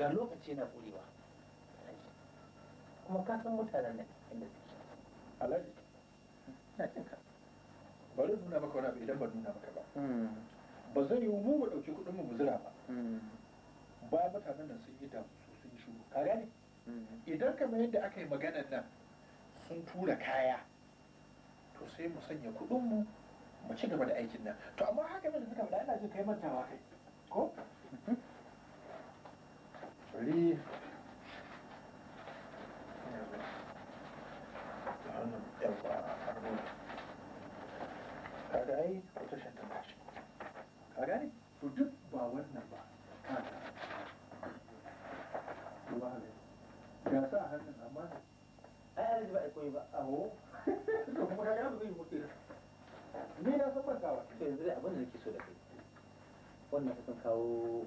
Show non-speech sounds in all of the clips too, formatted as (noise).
ga lokaci na ƙurewa kuma ka san mutanen nan inda suke alhaji na cin ka bari nuna maka wani abu idan ba nuna maka ba hmm. ba zai yiwu mu mu ɗauki kuɗin mu zira ba hmm. ba mutanen nan sun yi damu sun yi shuru ka gane hmm. idan kamar yadda aka yi maganan nan sun tura kaya to sai mu sanya kuɗin mu mu ci gaba da aikin nan to amma haka da suka faɗa ina jin kai mantawa kai ko bari kaga shantar kashi kaga ai to duk ba wannan ba ne ya sa hannun amma ai alaji ba a ba aho (laughs) to kuma kaga ba zai mutu ni san kawo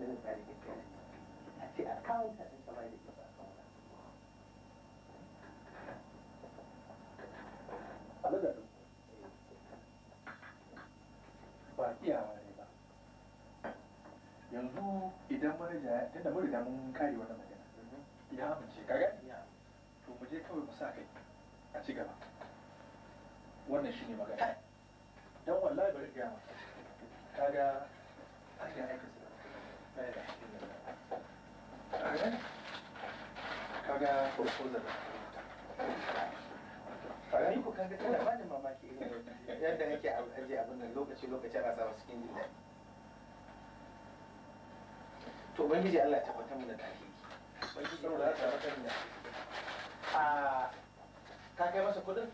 idan manaja tunda mun mun kare wannan magana mhm. ya amince ka to mu je kawai mu sa kai a ci gaba wannan shine magana dan wallahi bari ga kaga kaga ni ko kaga tana bani mamaki irin yadda nake aje abin nan lokaci lokaci ana sa cikin jin daɗi to ubangiji Allah ya tabbatar mu da alheri ubangiji Allah ya tabbatar mu da a ka kai masa kudin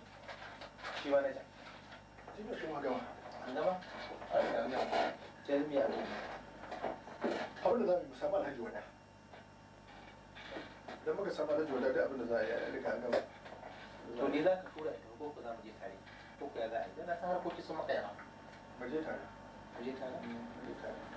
shi ba na ja shi ne shi magana annaba a ina a jami'a abin da za mu yi musamman alhaji wada idan muka samu alhaji wada duk abin da za a yi a rika an gama. to ni za ka tura ita ko ku za mu je tare ko ku ya za a yi dan san harkoki sun maka yawa mu je tare mu je tare mu je tare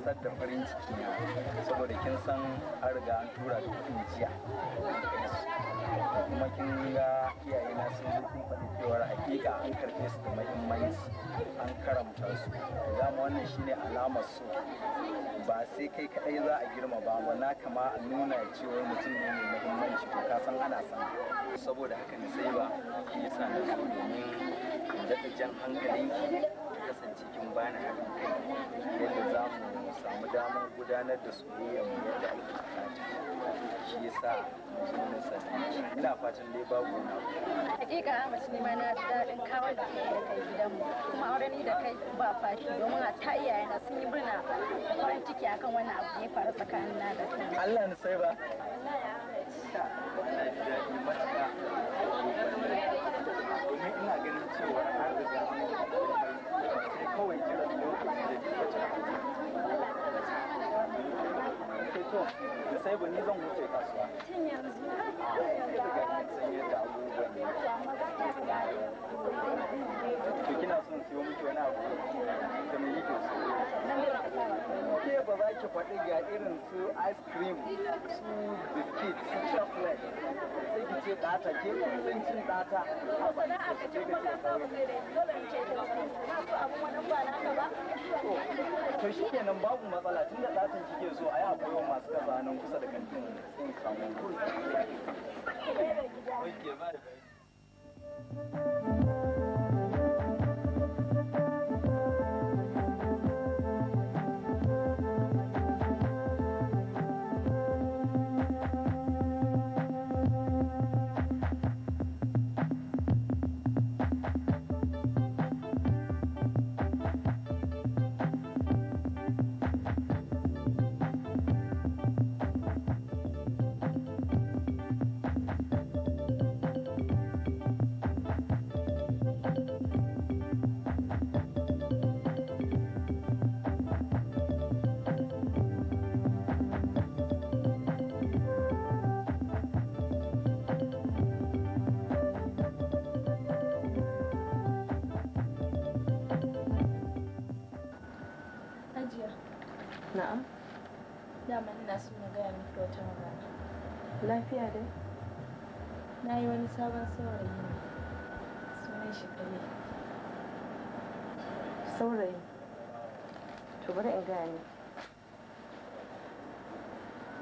busar da farin ciki saboda kin san an riga an tura da kuɗin jiya kuma kin ga iyaye na sun zo kun faɗi cewar hakika an karɓe su da mahimmanci an karamta su dama wannan shine alamar su ba sai kai kaɗai za a girma ba na kama a nuna cewa mutum ne mai mahimmanci to ka san ana sana saboda haka ne sai ba sa na zo domin daga jan hankali ki kasance kin bani haɗin kai yadda za mu samu damar gudanar da soyayyar mu yadda ake bukata shi yasa na sanin ina fatan dai babu na hakika a ne ma na ji daɗin kawar da kai da kai gidanmu kuma aure ni da kai ba fashi domin a ta iyayena sun yi murna farin ciki akan wani abu da ya faru tsakanin na da kai Allah ni sai ba Allah ya haɗa 今年是吧？kwaɗayya irin su ice cream su biskit su chocolate sai ki ce ɗata ke kullum cin ɗata a ba na a cikin maza ba da kai dole in ce ta na so abu wani ba na ka ba to shi ke nan babu matsala tun tunda ɗatan kike so a yi akwai masu kaza nan kusa da kantin sun samu Thank you. Lafiya dai? Na yi wani sabon saurayi Sunan shi Khalil. Saurayi? To bari in gane.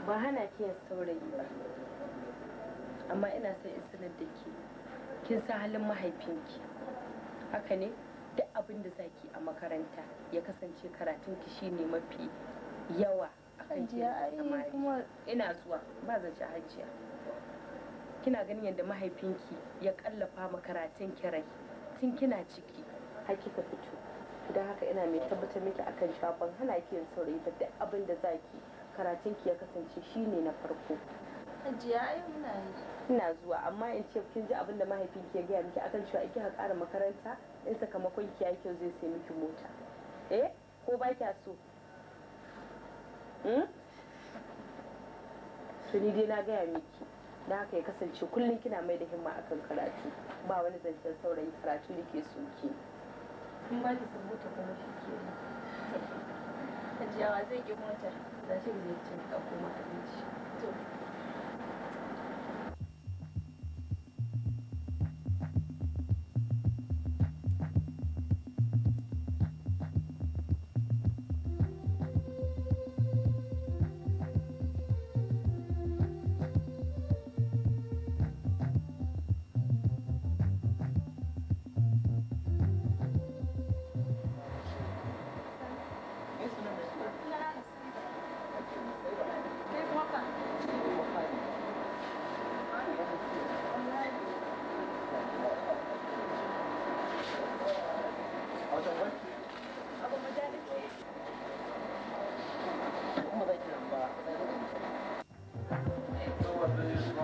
Ba hana ki yin saurayi ba. Amma ina son in sanar da ke. Kin san halin mahaifinki. Haka ne? Duk abin da zaki a makaranta ya kasance karatunki shine mafi yawa hajiya ai kuma ina zuwa ba zance hajiya kina ganin yadda mahaifinki ya kallafa makaratun kirai tun kina ciki hakika fito don haka ina mai tabbatar miki akan shafan hana ki yin saurayi ba duk abin da ki karatun ki ya kasance shine na farko hajiya ai muna yi ina zuwa amma in ce kin ji abin da mahaifinki ya gaya miki akan cewa ki ka ƙara makaranta in sakamakon ki ya kyau zai sai miki mota eh ko ba kya so Hmm? to ni dai na gaya miki da haka ya kasance kullum kina mai da himma akan karatu ba wani zancen saurayi karatu da ke soke in ba ki sabuta kuma shi ke (laughs) ajiyawa zai ki motar za shi zai ci ɗauko maka abinci Aplaudissements.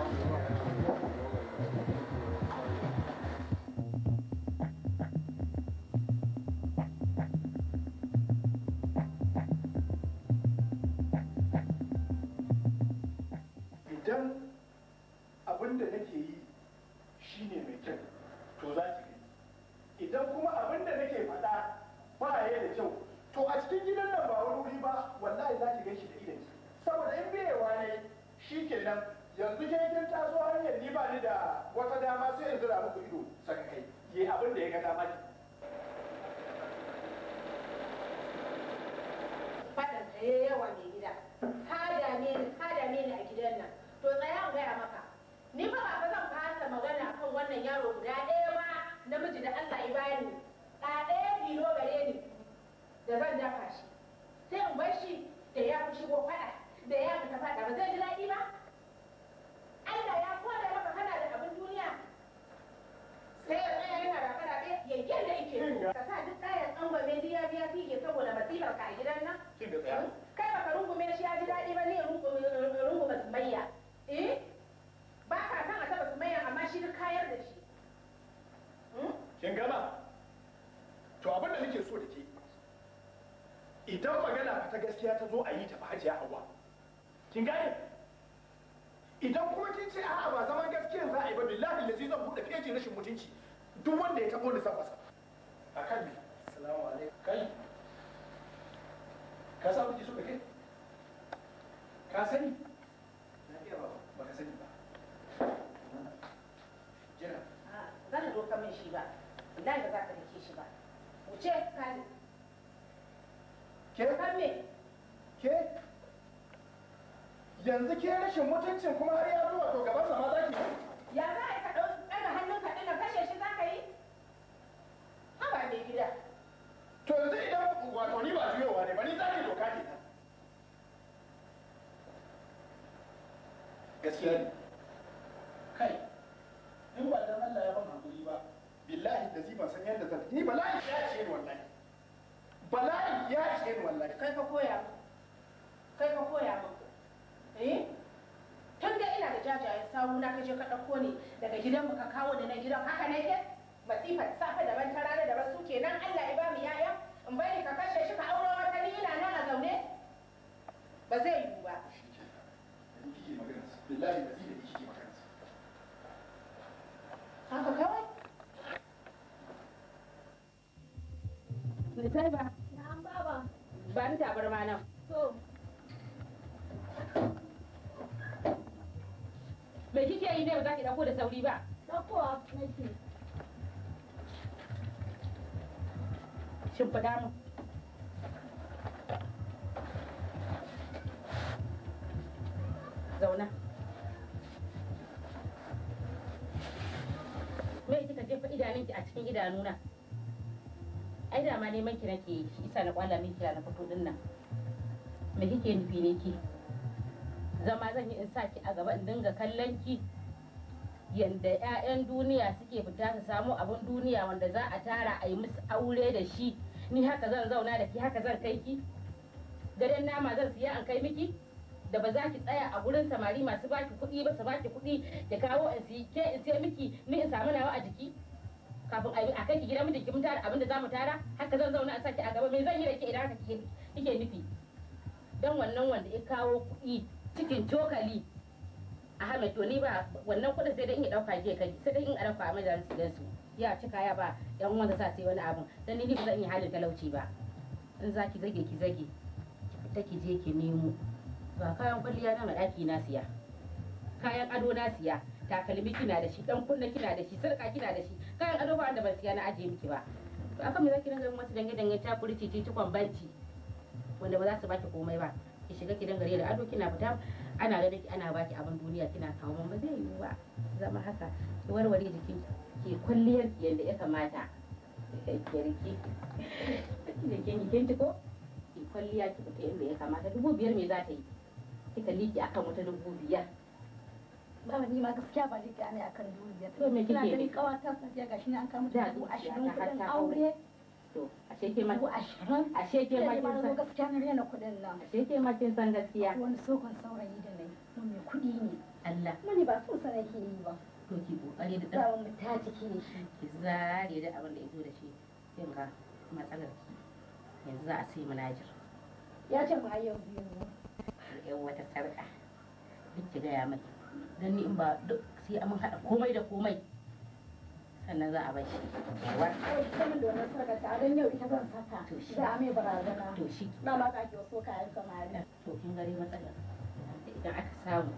abin da ya gada dama fadan da ya yawa mai gida ka dame ni ka dame ni a gidan nan to tsaya in gaya maka ni fa ba zan fasa magana kan wannan yaro guda ɗaya ma namiji da Allah ya bani ɗa ɗaya biro gare ni da zan dafa shi sai in bar shi da ya fi shigo faɗa da ya fita faɗa ba zai ji daɗi ba Allah ya kore maka kana da abin duniya sai ya tsaya yana rafe-rafe ya gyalla ike ka sa duk kayan tsangwame biya biya fige saboda masifar ka a gidan nan kai baka rungume shi ya ji daɗi ba ne rungume su eh ba ka san a taba su sumayya amma shi duk kayar da shi hmm? kin gama to abin da nake so da ke idan magana ta gaskiya ta zo a yi ta ba hajiya hawa kin gane idan kuma kin ce a'a ba zaman gaskiyan za a yi ba billahi lazi zan buɗe feji rashin mutunci duk wanda ya taɓo ni san a kan me assalamu alaikum kai ka sa miki suka kai ka sani na iya ba ba ka sani ba jira za ka doka min shi ba wallahi ba za ka dake shi ba wuce ka ke kan me ke yanzu ke rashin mutuncin kuma har ya zuwa to gaban sama yi. ya za a ka ɗaga hannun ka ɗin kashe shi za ka yi haba mai gida to yanzu idan wato ni ba juyowa ne ba ni za ki doka ke gaskiya ne kai in ba dan Allah ya ban hakuri ba billahi da ziban san yadda zan ni bala'i ya ce ni wallahi bala'i ya ce ni wallahi kai ka koya kai ka koya ba eh tun da ina da jajayen sawu na kaje ka ɗauko ne daga gidanmu ka kawo da na gidan haka ke masifar safe da ta rana da su kenan Allah ya ba mu yaya in bari ka kashe shi ka auro wata ni ina nan a zaune ba zai yi ba haka kawai Mai sai ba. Na'am baba. Ba ni ma nan. To. Me kike yi ne ba za ki dauko da sauri ba? Dauko nake. Shin fada mu? Zauna. Me kika jefa idanunki a cikin idanuna? Ai da ma neman ki nake shi isa na kwala min kira na fito din nan. Me kike nufi ne ki? zama zan yi in sa ki a gaba in dinga kallon ki yanda 'ya'yan duniya suke fita su samo abin duniya wanda za a tara a yi musu aure da shi ni haka zan zauna da ki haka zan kai ki gadon nama zan siya an kai miki da ba za ki tsaya a gurin samari masu baki kuɗi ba su baki kuɗi ya kawo in siya ke in siya miki ni in samu nawa a jiki kafin a kai ki gidan mijinki mun tara abin da za mu tara haka zan zauna a saki a gaba me zan yi da ke idan haka kike nufi dan wannan wanda ya kawo kuɗi cikin cokali Ahmed to ni ba wannan kuɗin sai dai in ya ɗauka je ka sai dai in a ɗauka a su. gidansu ya cika ya ba yan uwan da sa sai wani abin dan ni ba zan yi halin talauci ba in za ki zage ki zage ta ki je ki nemo ba kayan kwalliya na ɗaki na siya kayan ado na siya takalmi kina da shi dan kunna kina da shi sarka kina da shi kayan ado ba wanda ban siya na ajiye miki ba to akan me zaki dinga yin wasu dange dange ta kurici ci ci kwambanci wanda ba za su baki komai ba ki shiga ki dangare da ado kina fita ana ganin ki ana baki abin duniya kina kawo ba zai yiwu ba zama haka ki warware jikin ki kulliyar ki yadda ya kamata ki riki da ki kin ko ki kwalliya ki fita yadda ya kamata dubu biyar me za ta yi kika liki akan wata dubu biyar ba ni ma gaskiya ba liki ana akan dubu biyar to me kike kina ganin kawata sai ga shi ne an kama dubu ashirin kuɗin aure to ashe ke ma ashirin ashe ke san gaskiya na rena nan ashe ke san gaskiya wani sokon da nayi mun mai kuɗi ne Allah ba so sana ke yi ba to ki kokari da dan mu ta ne shi ki zare da abin da da shi kin ga matsalar ki yanzu za a sai ya ce yau biyu yan wata duk ki gaya mai dan ni in ba duk sai mun haɗa komai da komai sannan za a bar shi yawa saman da wannan sarka ta don yau ita zan saka to shi za a mai barazana to shi na ma ka ki so kayan samari to kin gare matsala idan aka samu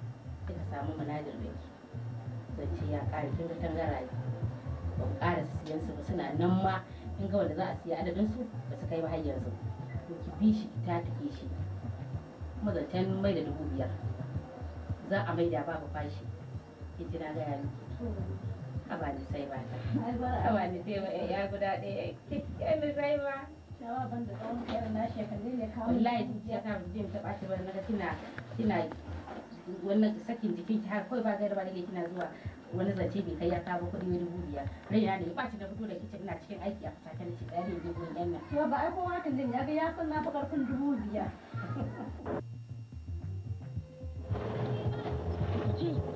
kika samu manajin mai zance ya kare kin ga tangaraye ban ƙara siyan su ba suna nan ma kin ga wanda za a siya adadin su ba su kai ba har yanzu to ki bi shi ki tatake shi kuma zancen mai da dubu biyar za a maida babu fashi hijira ga yanzu haba ni sai ba ta ni sai ba eh, ya guda ɗaya eh, shawa ban da tsawon na ne kawo wallahi tun jiya ta ta ɓaci ban naga kina kina wannan sakin jikin ki har kawai ba gaira ba kina zuwa wani zance bai kai ya kawo kuɗi wani dubu raina ne ɓaci na fito da kicin ina cikin aiki a fata na cikin ɗari gurin yan nan. to ba kowa jin ya ga ya san na fi ƙarfin dubu biyar. (laughs)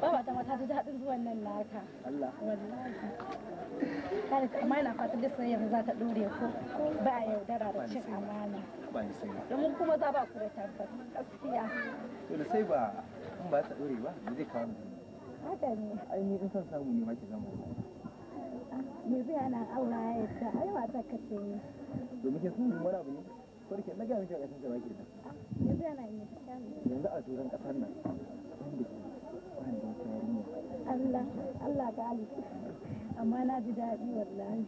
Ba ta mata ji daɗin zuwan nan naka. Wallahi. ta amma ina fatan za ta dore ko ba yaudara da cin amana. Ba ni sai. kuma za ba ku da tabbas gaskiya. To da sai ba in ba ta dore ba zai kawo Haka ne. Ai ni in samu ne ma ki zama. Me zai ana aura ya ta ai ni. wani abu ne. Ko da ke na ga a ƙasar da ba ke da. ana yi. Yanzu a turan nan. Allah Allah ga amma na ji daɗi wallahi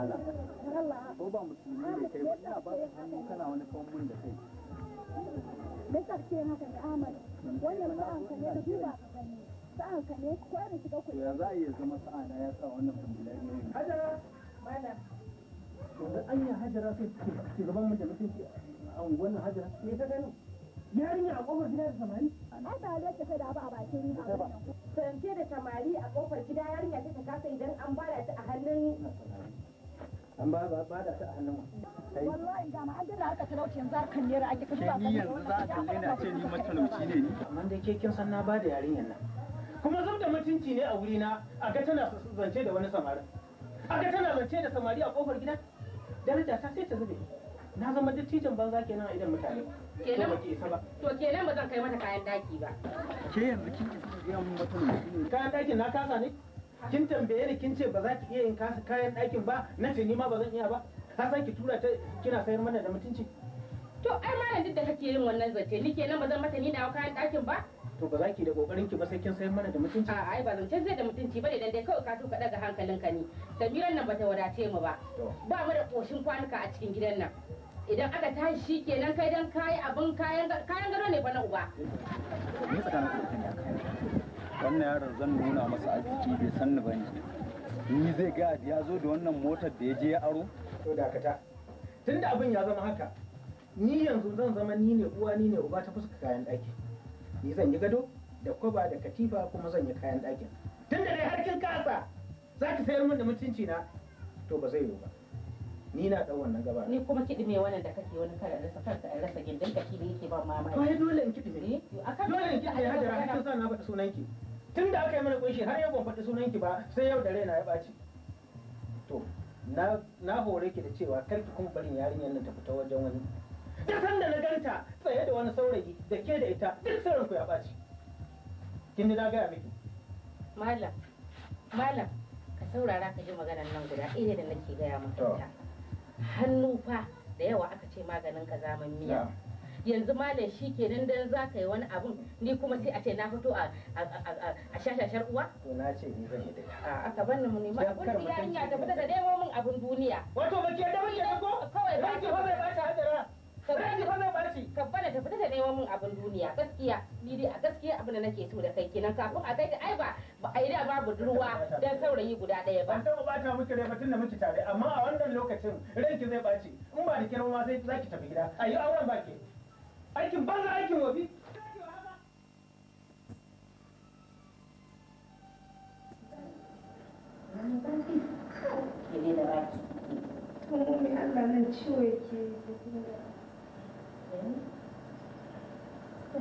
malam ko ba musulmi ne kai ba ina ba su hannu kana wani kawun da kai da sarki na kan amal wannan ba an kane da duba sa'an kane ko da shiga ku ya za a iya zama sa'ana ya sa wannan ne hajara yanzu an yi hajara sai shugaban majalisar a wannan hajara me ta gano yarinya a kofar gida da samari? Ai ba ta da ba a bakin riba ba. Sarance da samari a kofar gida yarinya ta kasa idan an bada ta a hannun an ba ba da ta a hannun wallahi da ma an dana harka talauci yanzu harkan naira ake kashe ba ni yanzu za a kalle ni a ce ni matalauci ne ni amma dai ke kin san na ba da yarinyar nan kuma zub da mutunci ne a wuri na a ga tana zance da wani samarin a ga tana zance da samari a kofar gida daraja ta sai ta zube na zama dattijan banza kenan a idan mutane to kenan ba zan kai mata kayan daki ba ke yanzu kin ji mun mutunci kayan dakin na kasa ne kin tambaye ni kin ce ba za ki iya yin kasa kayan ɗakin ba na ce ni ma ba zan iya ba ka za ki tura ta kina sayar mana da mutunci to ai malam duk da kake yin wannan zance ni kenan ba zan mata ni da kayan ɗakin ba to ba za ki da kokarin ki ba sai kin sayar mana da mutunci a ai ba zance zai da mutunci ba dan dai kawai ka so ka daga hankalinka ne samiran nan ba ta wadace mu ba ba mu da koshin kwanuka a cikin gidan nan idan aka tashi kenan kai dan kayi abin kayan kayan gado ne ba na uba wannan yaron zan nuna masa aiki bai san ni bane ni zai ga ya zo da wannan motar da ya je ya aro to dakata tunda abin ya zama haka ni yanzu zan zama ni ne uwa ni ne uba ta fuska kayan daki ni zan yi gado da kwaba da katifa kuma zan yi kayan dakin. tunda dai har kin kasa za ki sayar min da mutunci na to ba zai yiwu ba ni na dau wannan gaba ni kuma me wannan da kake wani kare rasa kanka a rasa gindin ka shi da yake ba mamaki to dole in kiɗime eh, dole in hayya hadara kin sa na faɗi sunan ki tun da aka yi mana kunshi har yau ban faɗi sunan ki ba sai yau da raina ya ɓaci to na hore ki da cewa kar ki kuma barin yarinyar nan ta fita wajen wani duk sanda na ganta tsaye da wani saurayi da ke da ita duk sirrin ku ya ɓaci kin ji na gaya miki malam malam ka saurara ka ji maganar nan guda ɗaya da nake gaya maka hannu fa da yawa aka ce maganin ka zaman miya yanzu malam shi nan dan za ka yi wani abun ni kuma sai a ce na fito a shashashar uwa to na ce ni zan yi da a aka bani mu ne ma abun da yarinya ta fita da nemo min abun duniya wato ba ke da wani ko kawai ba ki fa ba ta hadara kabbala ta fita da neman mun abun duniya gaskiya ni dai a gaskiya abin da nake so da kai kenan kafin a kai da ai ba ba da babu ruwa dan saurayi guda daya ba. Ban taɓa ta miki rai tun da miki tare amma a wannan lokacin ranki zai ɓaci in ba da kirma sai zaki tafi gida ayi auren ba ke. aikin banza aikin wafi da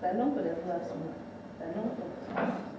sannan ku da zuwa su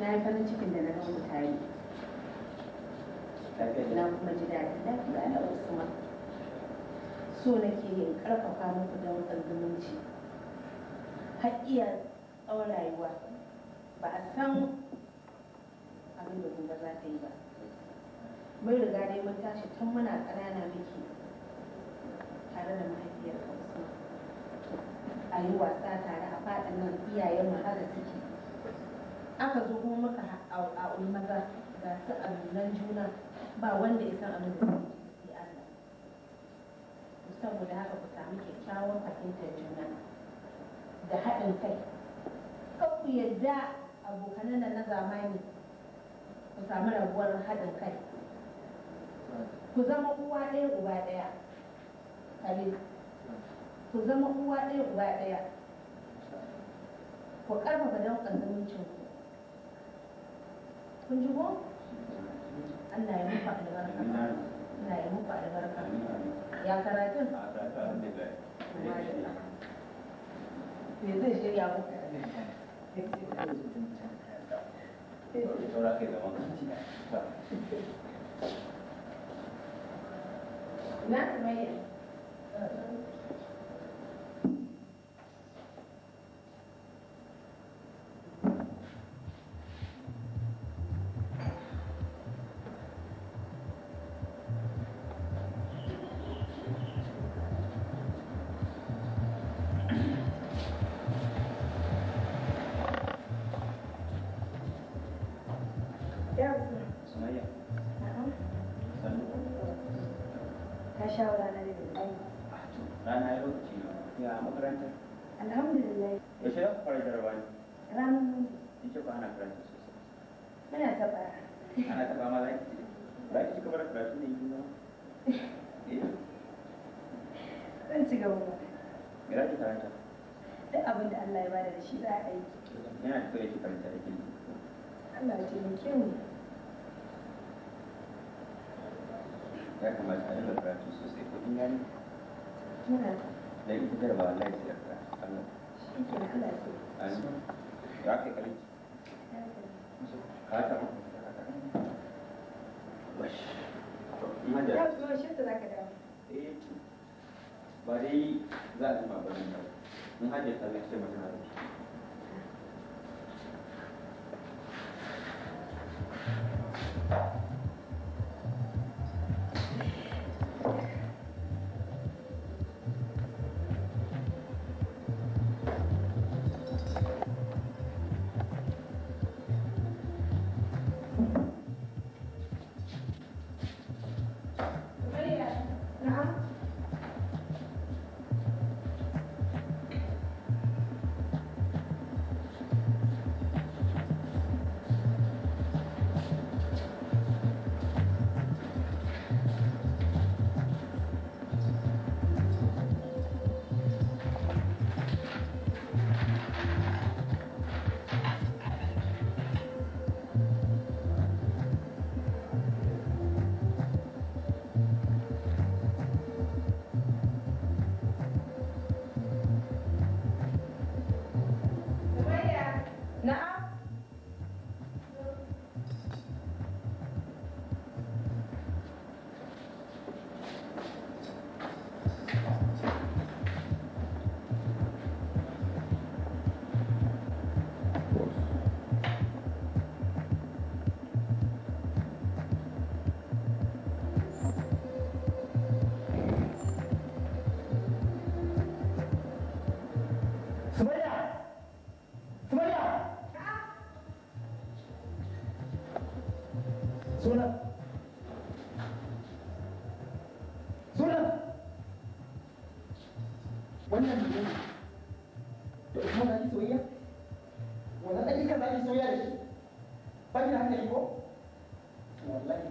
na yi farin cikin da na ga ku tare na kuma ji daɗi na kuma wasu ma. so nake yin karfafa muku da wutan zumunci har iya tsawon rayuwa ba a san abin da gobe za ta yi ba mun riga dai mun tashi tun muna ƙanana muke tare da mahaifiyar usman a yi wasa tare a faɗin nan iyayen mu suke aka zo kuma muka a maza ga su a nunan juna ba wanda ya san abin da ya Allah saboda haka ku sami kyakkyawan fahimtar juna da haɗin kai kan ku yadda abokanan nan na zamani ku samu rabuwar haɗin kai ku zama uwa ɗaya uba ɗaya ku zama uwa ɗaya uba ɗaya ku ƙarfafa danƙon zumuncinku penjuru anda yang muka dengar kata anda yang muka dengar kata yang kata itu itu itu dia aku kan? Nak main? Allah ya taimake mu ya kamata a dinga karatu sosai ko yani da yi fitar ba Allah ya ka Allah shi ke Allah ka ta ya zo shi ta dawo eh, ba dai za a ba ba in ce mata na wannan ne da ita za ki soyayya wannan da kika za soya da shi ba ki da hankali ko wallahi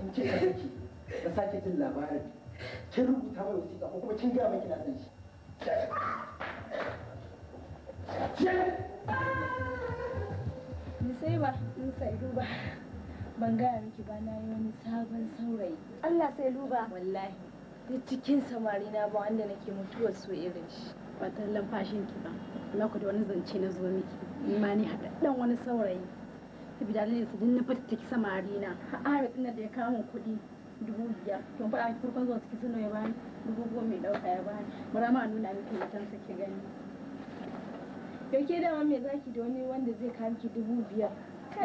in ce ka saki ka sake jin labarin kin rubuta mai wasiƙa ko kuma kin gaya mai kina san shi sai ba in saidu ba ban gaya miki ba na yi wani sabon saurayi Allah sai duba wallahi duk cikin samari na ba wanda nake mutuwa so irin shi ba ta lamfashin ki ba na ku da wani zance na zo miki ma ni haɗaɗɗen wani saurayi saboda dalilin su dinna fata ki samari na ara ina da ya kawo kuɗi dubu biyar to faɗa a farkon zuwa ciki suna ya bani dubu goma mai ɗauka ya bani bara ma a nuna miki mutan sa ki gani yau ke dama me zaki da wani wanda zai kawo miki dubu biyar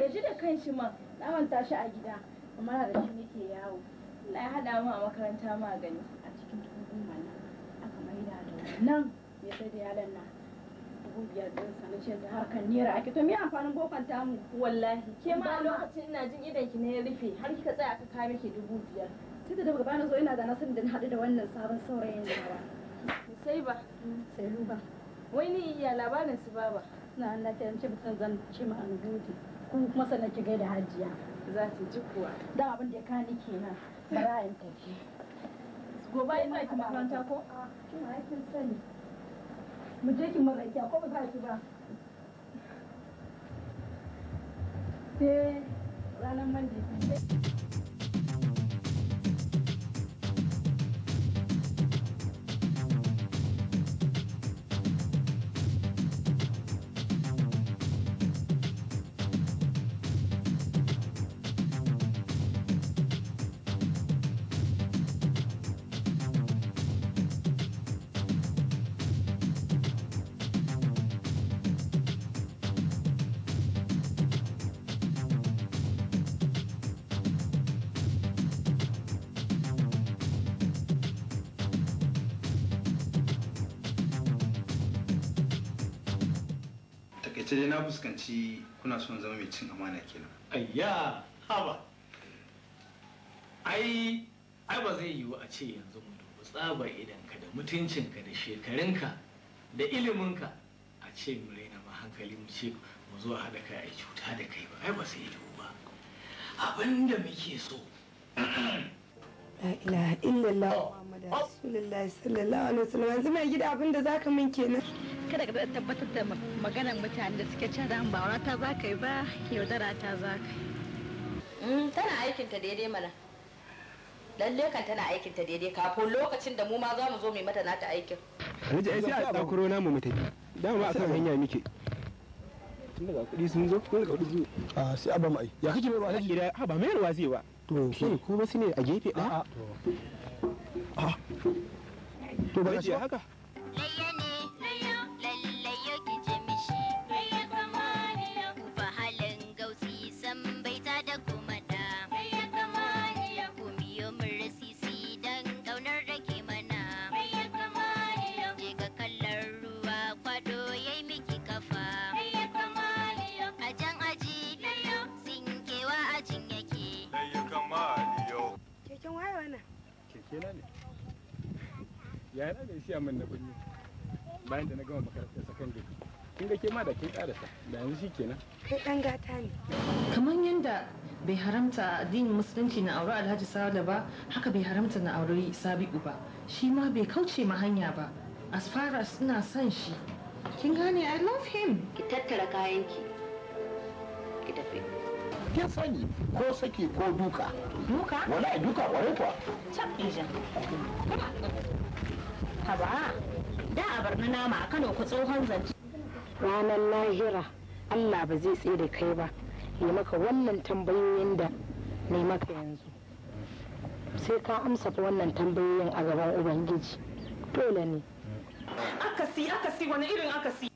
ya ji da kanshi ma na manta shi a gida amma da shi nake yawo Allah ya haɗa mu a makaranta magani. a cikin dubu goma nan aka maida da nan ya sai da yalan nan? dubu biyar ɗin sa na ce da harkar naira ake to me amfanin bokon tamu wallahi ke ma lokacin ina jin idan ki ne ya rufe har kika tsaya aka kawo miki dubu biyar sai da daga bana zo ina da nasarar da na haɗu da wannan sabon saurayin ba sai ba sai ruba wai ni iya labarin su baba na Allah ta yance mutum zan ce ma an gode kuma sanar ki gaida hajiya za ta ji kuwa da abin da ya kani kenan bara tafi gobe ina ki makaranta ko kina aikin sani mu je ki ko ba ki ba sai ranar manje kasance kuna son zama mai cin amana kenan ayya haba ai ai ba zai yiwu a ce yanzu mu dubu tsaba idanka da mutuncinka da shekarunka da iliminka a ce mu raina ma hankali mu ce mu zo haɗa kai a cuta da kai ba ai ba sai yiwu ba abin da muke so la ilaha illallah muhammadu rasulullahi sallallahu alaihi wasallam yanzu mai gida abin da zaka min kenan kada ka tabbatar da maganar mutane da suke cin ran ba ta za ka yi ba yaudara ta za ka yi. Mm, tana aikinta daidai mana lalle kan tana aikinta daidai kafin lokacin da mu ma za mu zo mai mata nata aikin. Alhaji ai sai a takuro namu mu tafi dama hanya muke. tun daga kuɗi a sai gida ba zai ba ba a gefe ɗaya to ba kena ne kai dan gata ne kamar yanda bai haramta addinin musulunci na aure alhaji sale ba haka bai haramta na aure sabi'u ba shi ma bai kauce ma hanya ba as far as ina son shi kin gane i love him ki tattara kayanki ki tafi kin sani ko saki ko duka duka wala duka kwarai kuwa cap ijan haba da a barna nama a kano ku tsohon zance ranar lahira allah ba zai tsere kai ba ne maka wannan tambayoyin da ne maka yanzu sai ka amsa fa wannan tambayoyin a gaban ubangiji dole ne akasi akasi wani irin akasi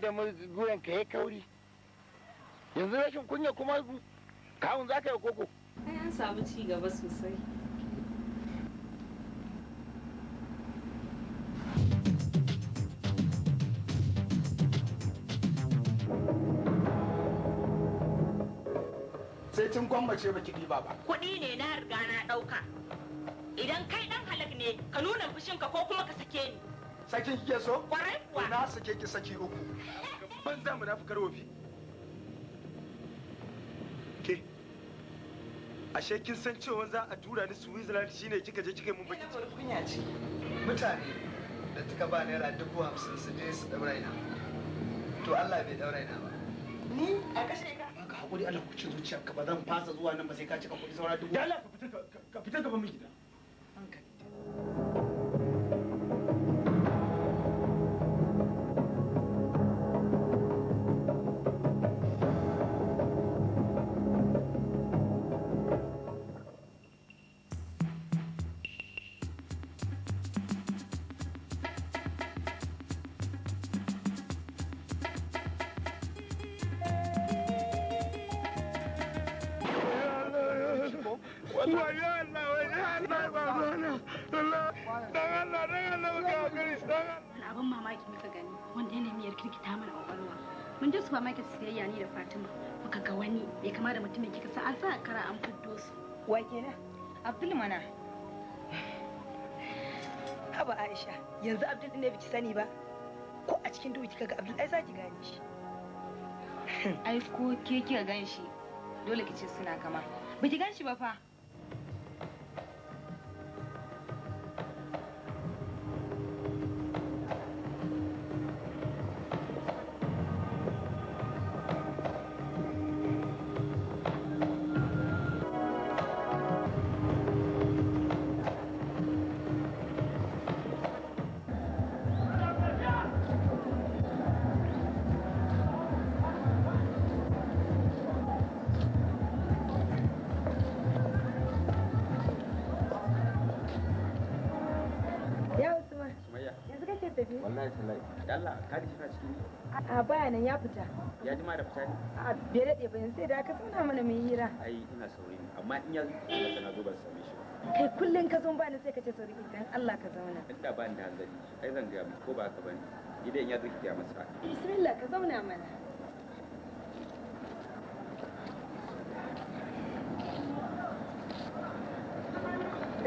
da murguyan ka ya kauri yanzu rashin kunya kuma kawun za ka yi koko an samu ci gaba sosai sai tun gwammace baki ɗiba ba kuɗi ne na riga na ɗauka idan kai ɗan halak ne ka nuna fushinka ko kuma ka sake ni sakin kike so Kware kuwa na sake ki saki uku ban za mu na fukar wofi ke ashe kin san cewa za a tura ni Switzerland shine kika je kika mun baki kunya ce mutane da tuka ba naira dubu hamsin su je su daura ina to Allah bai daura ina ba ni a kashe ka baka hakuri Allah ku cin zuciya ka ba zan fasa zuwa nan ba sai ka cika kuɗi saura dubu Allah ka fita ka fita gaban mu gida hankali mutumin kika sa an sa kara an fito su wa kenan abdul mana Aba aisha yanzu abdul din ne biki sani ba ko a cikin duhu kika ga abdul ai za ki gane shi ai ko ke kika gan shi dole kici suna kama biki gan shi ba fa ya fita ya ji ma da fita ne a bai daɗe ba yanzu sai da ka zauna mana mai hira ai ina sauri ne amma in ya zo da na zuba ban same shi kai kullum ka zo bani sai ka ce sauri dan Allah ka zauna inda da bani da hanzari ai zan ga ko ba ka bani idan ya zo ki ya masa bismillah ka zauna mana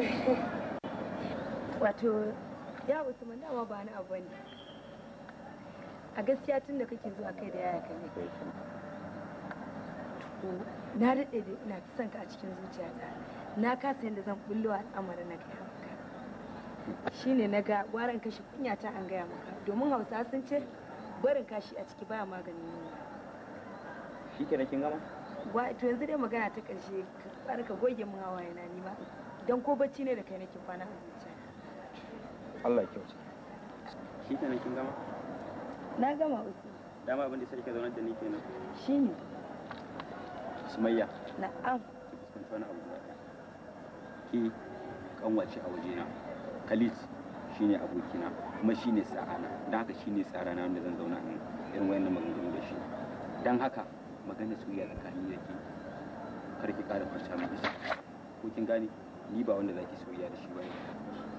(laughs) wato ya usman dama ba ni abu ne a gaskiya tun da kake zuwa kai da yaya ka ne na daɗe da ina son ka a cikin zuciyata na kasa yadda zan bullo al'amarin na kai maka shine na ga waran kashi kunya ta an gaya maka domin hausa sun ce barin kashi a ciki baya maganin ne shi kenan kin gama wa to yanzu dai magana ta ƙarshe ka ka goge min hawaye na ni ma dan ko bacci ne da kai nake kwana a zuciya Allah ya kyauta shi kenan kin gama na gama uku dama abin da sai ka zaunar da ni kenan shine sumayya na'am kun fuskanci abu da ki kanwace a wajena khalid shine abokina kuma shine sa'ana dan haka shine na wanda zan zauna nan irin wayannan maganganu da shi Dan haka magana soyayya tsakanin da ke kar ki kara farsa mai ko kin gane ni ba wanda zaki soyayya da shi ba ne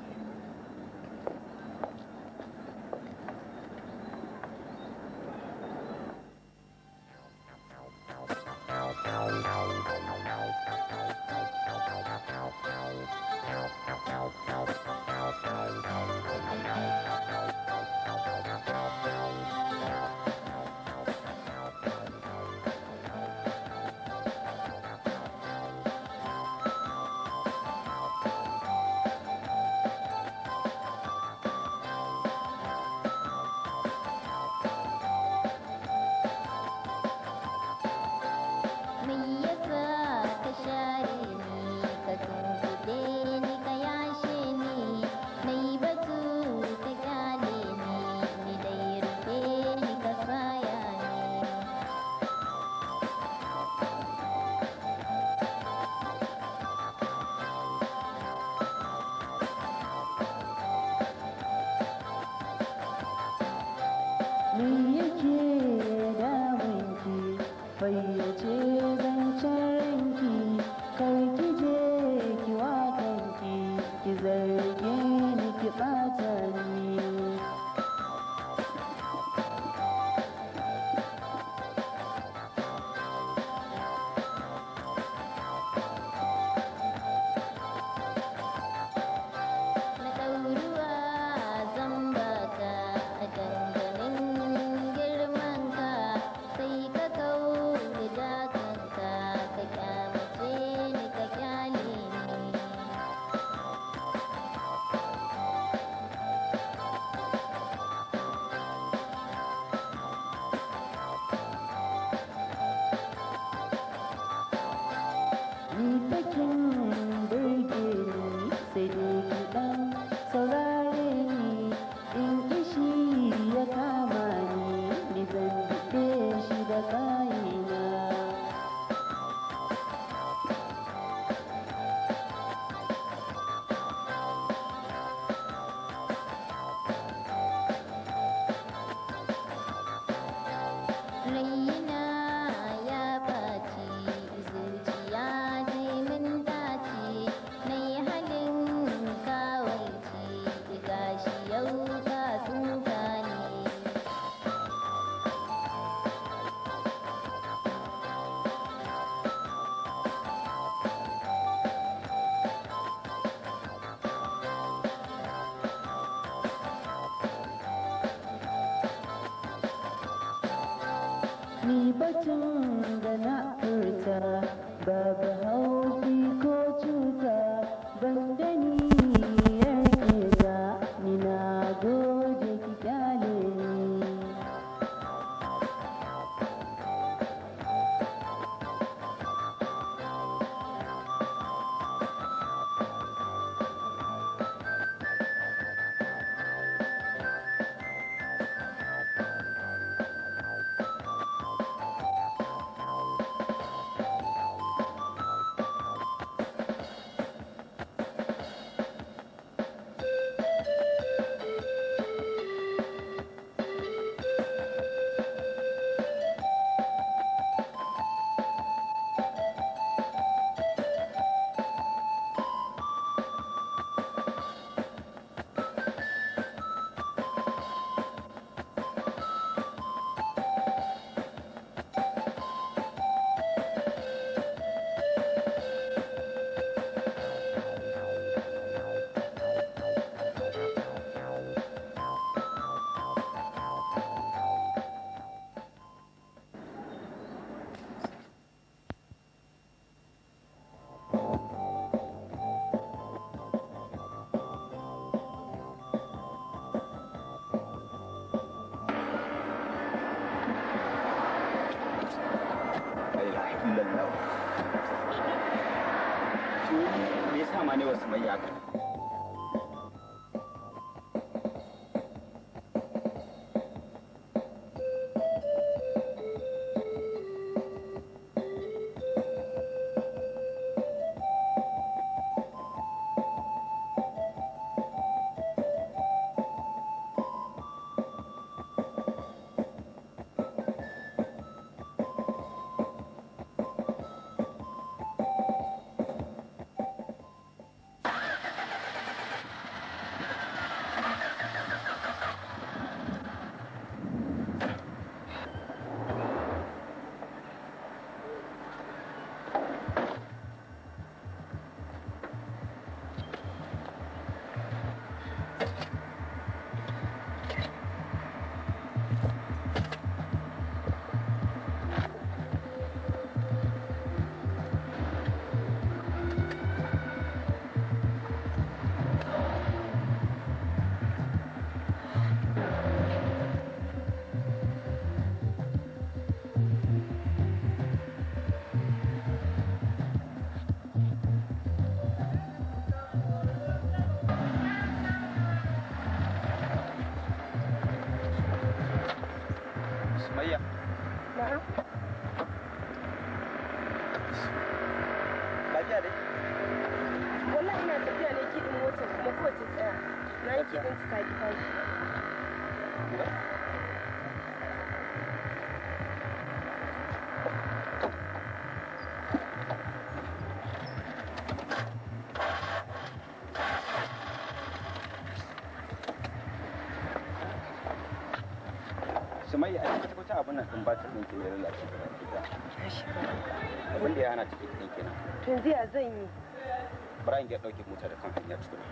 mai a cikin kuta abin nan din ba ta ɗinki ne lalace da baki da abin da ya hana cikin ɗinki na tun ziya zan yi Brian ya ɗauke mota da kan hanya tukuna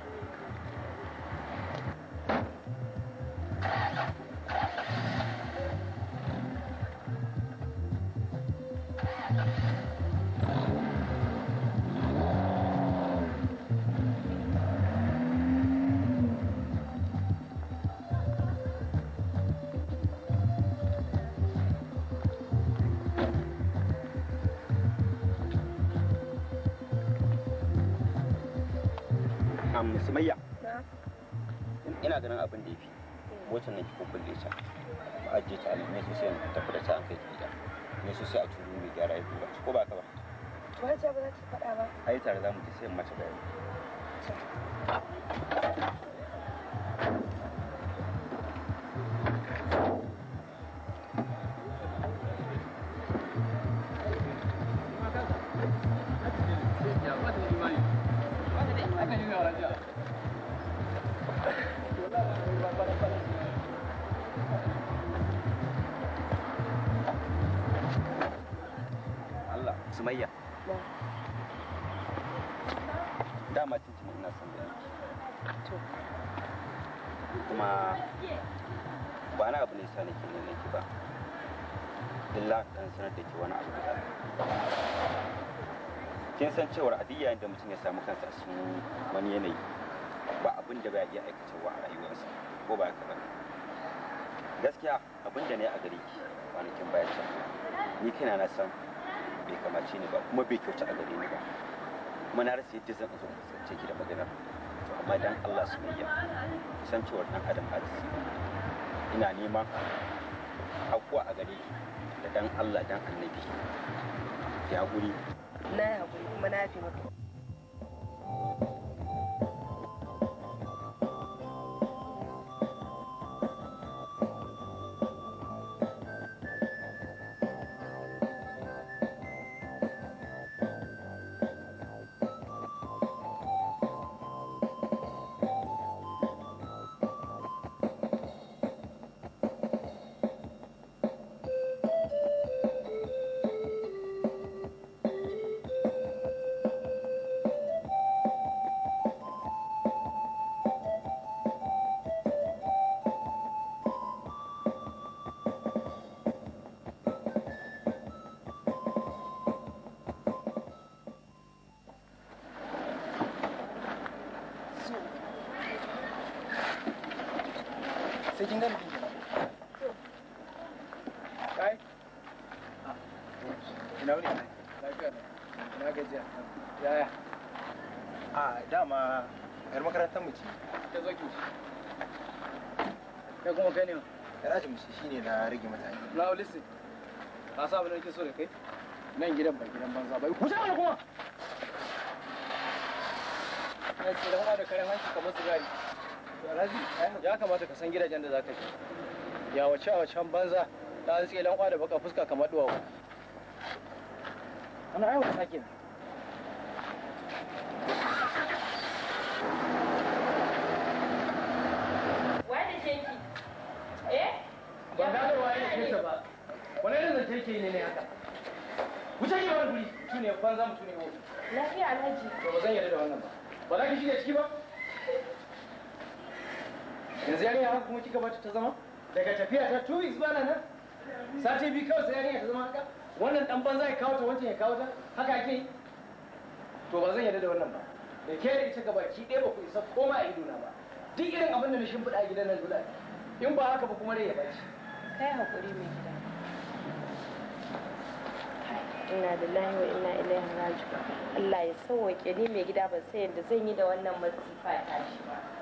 abin da ya fi motar nan ki kulle ta mu ajiye ta alimai sai mu tafi da ta an kai gida ne sai a turu mai gyara ya duba ko ba ka ba. Wajen ba za ta faɗa ba. Ai tare za mu ta sayan mata yau cewar a duk da mutum ya samu kansa a cikin wani yanayi ba abin da ba iya aikacewa a rayuwarsa ko ba haka ba gaskiya abin da ne a gari ki kwanakin bayan can ni kina na san bai kamace ni ba kuma bai kyauta a gari ni ba kuma na rasa yadda zan zo kusance ki da maganar to amma dan Allah su mai san cewar dan adam azizi ina neman afuwa a gari ki da dan Allah dan annabi ya guri لا ويكون منافع sai kin gane kin kai ina wuri lafiya na gajiya yaya a dama yar makarantar mu ce ta zo ki kai kuma kai ne yar ajin mu shine na rage mutane na ka sa abin da kake so da kai nan gidan ba gidan banza ba ku sai kuma ce da karen hanci kamar sigari ya kamata ka san gidajen da za ka je ya wace a wacan banza ta tsilan kwa da baka fuska kamar duwawu ana ai sake kenan wani ce ki eh ban gane waye ce ta ba wani irin zance ke ne ne haka wuce ke wani guri ne banza mu tune hoto lafiya alhaji ba zan yarda da wannan ba ba za ki shige ciki ba yanzu yarinya haka kuma kika bata ta zama daga tafiya ta two weeks bana nan sati biyu kawai sai ta zama haka wannan dan banza ya kawo ta wancan ya kawo ta haka ake to ba zan yarda da wannan ba da ke da ita gabaki ɗaya ba ku isa koma a idona ba duk irin abin da na shimfiɗa a gidan nan dole in ba haka ba kuma rai ya baci kai hakuri mai gida inna lillahi wa ina ilaihi raji'un Allah ya sauke ni mai gida ban san yadda zan yi da wannan masifa ta shi ba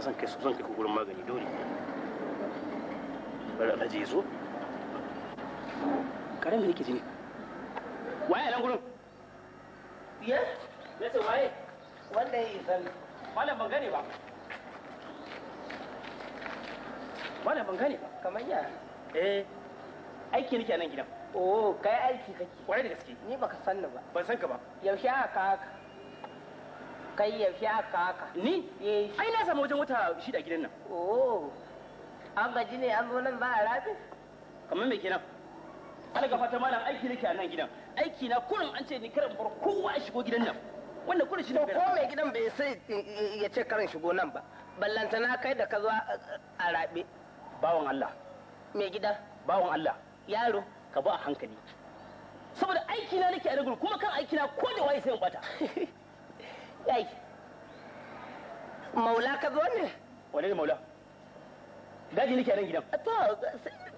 san kai zan kai kukurin magani dole bari alhaji ya zo karen da nake jini waye nan gurin ye ya ce waye wanda ya yi zan malam ban gane ba malam ban gane ba kamar ya eh aiki nake nan gidan oh kai aiki kake kwarai da gaske ni baka ni ba ban san ka ba yaushe aka haka kai ya fi haka haka ni eh ai na samu wajen wata shi da gidan nan oh an gaji ne an zo nan ba a rafi kamar mai kenan ana ga fata malam aiki nake a nan gidan aiki na kurin an ce ni karan bar kowa shigo gidan nan wannan kurin shi ne ko mai gidan bai sai ya ce karin shigo nan ba ballantana kai da ka zo a rabe bawan Allah mai gida bawan Allah yaro ka ba a hankali saboda aiki na nake a ragul kuma kan aiki na ko da waye sai in bata (laughs) yayi maula ka zo ne wane ne maula gadi nake nan gidan to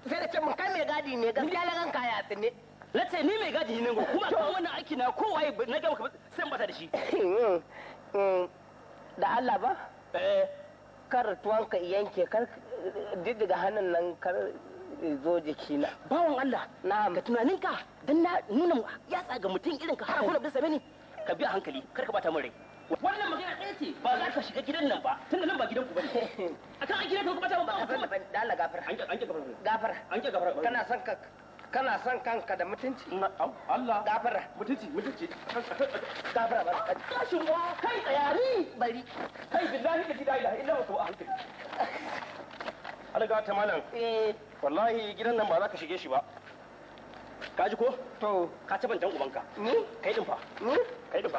sai da ce kai mai gadi ne gaskiya na ganka ya tsine na ce ni mai gadi ne ko kuma ka wannan aiki na kowa na ga maka sai bata da shi (coughs) mm, mm. da Allah ba eh kar ka yanke kar diddiga hannun nan kar zo jiki na. Bawan Allah, na'am. Ka tunanin ka dan na nuna yatsa ga mutum irin ka har kuna bisa mini. Ka bi a hankali, kar ka bata min rai. wannan magana ɗaya ce ba za ka shiga gidan nan ba tunda nan ba gidan ku bane akan an gidan ku ba ta ba ba ban da Allah gafara an ke gafara gafara an ke gafara kana son ka kana son kanka da mutunci Allah gafara mutunci mutunci gafara ba kashi mu kai tsayari bari kai billahi da gida ilaha illa huwa hankali alga ta malam eh wallahi gidan nan ba za ka shige shi ba ka ji ko to ka ci bantan ubanka ni kai din fa ni kai din fa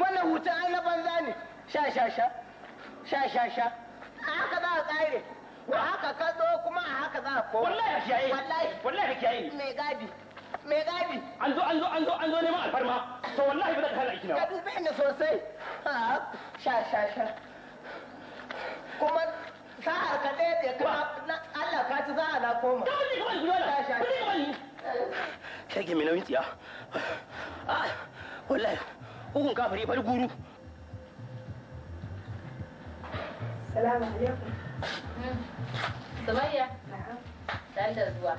wannan hutun ai na banza ne sha sha sha sha sha sha a haka za a tsare wa haka ka zo kuma a haka za a koma wallahi ka kiyaye wallahi wallahi ka kiyaye mai gadi mai gadi an zo an zo an zo an zo neman alfarma to wallahi ba za ka hana aiki na ka dube ni sosai sha sha sha kuma sa'ar ka ɗaya ɗaya ka Allah ka ci a na koma. ka ne kawai ku ka ji ne kawai. Shege mai nauyin tsiya. Ah. wallahi hukun kafiri bari guru salamu alaikum sumayya hmm. dan da zuwa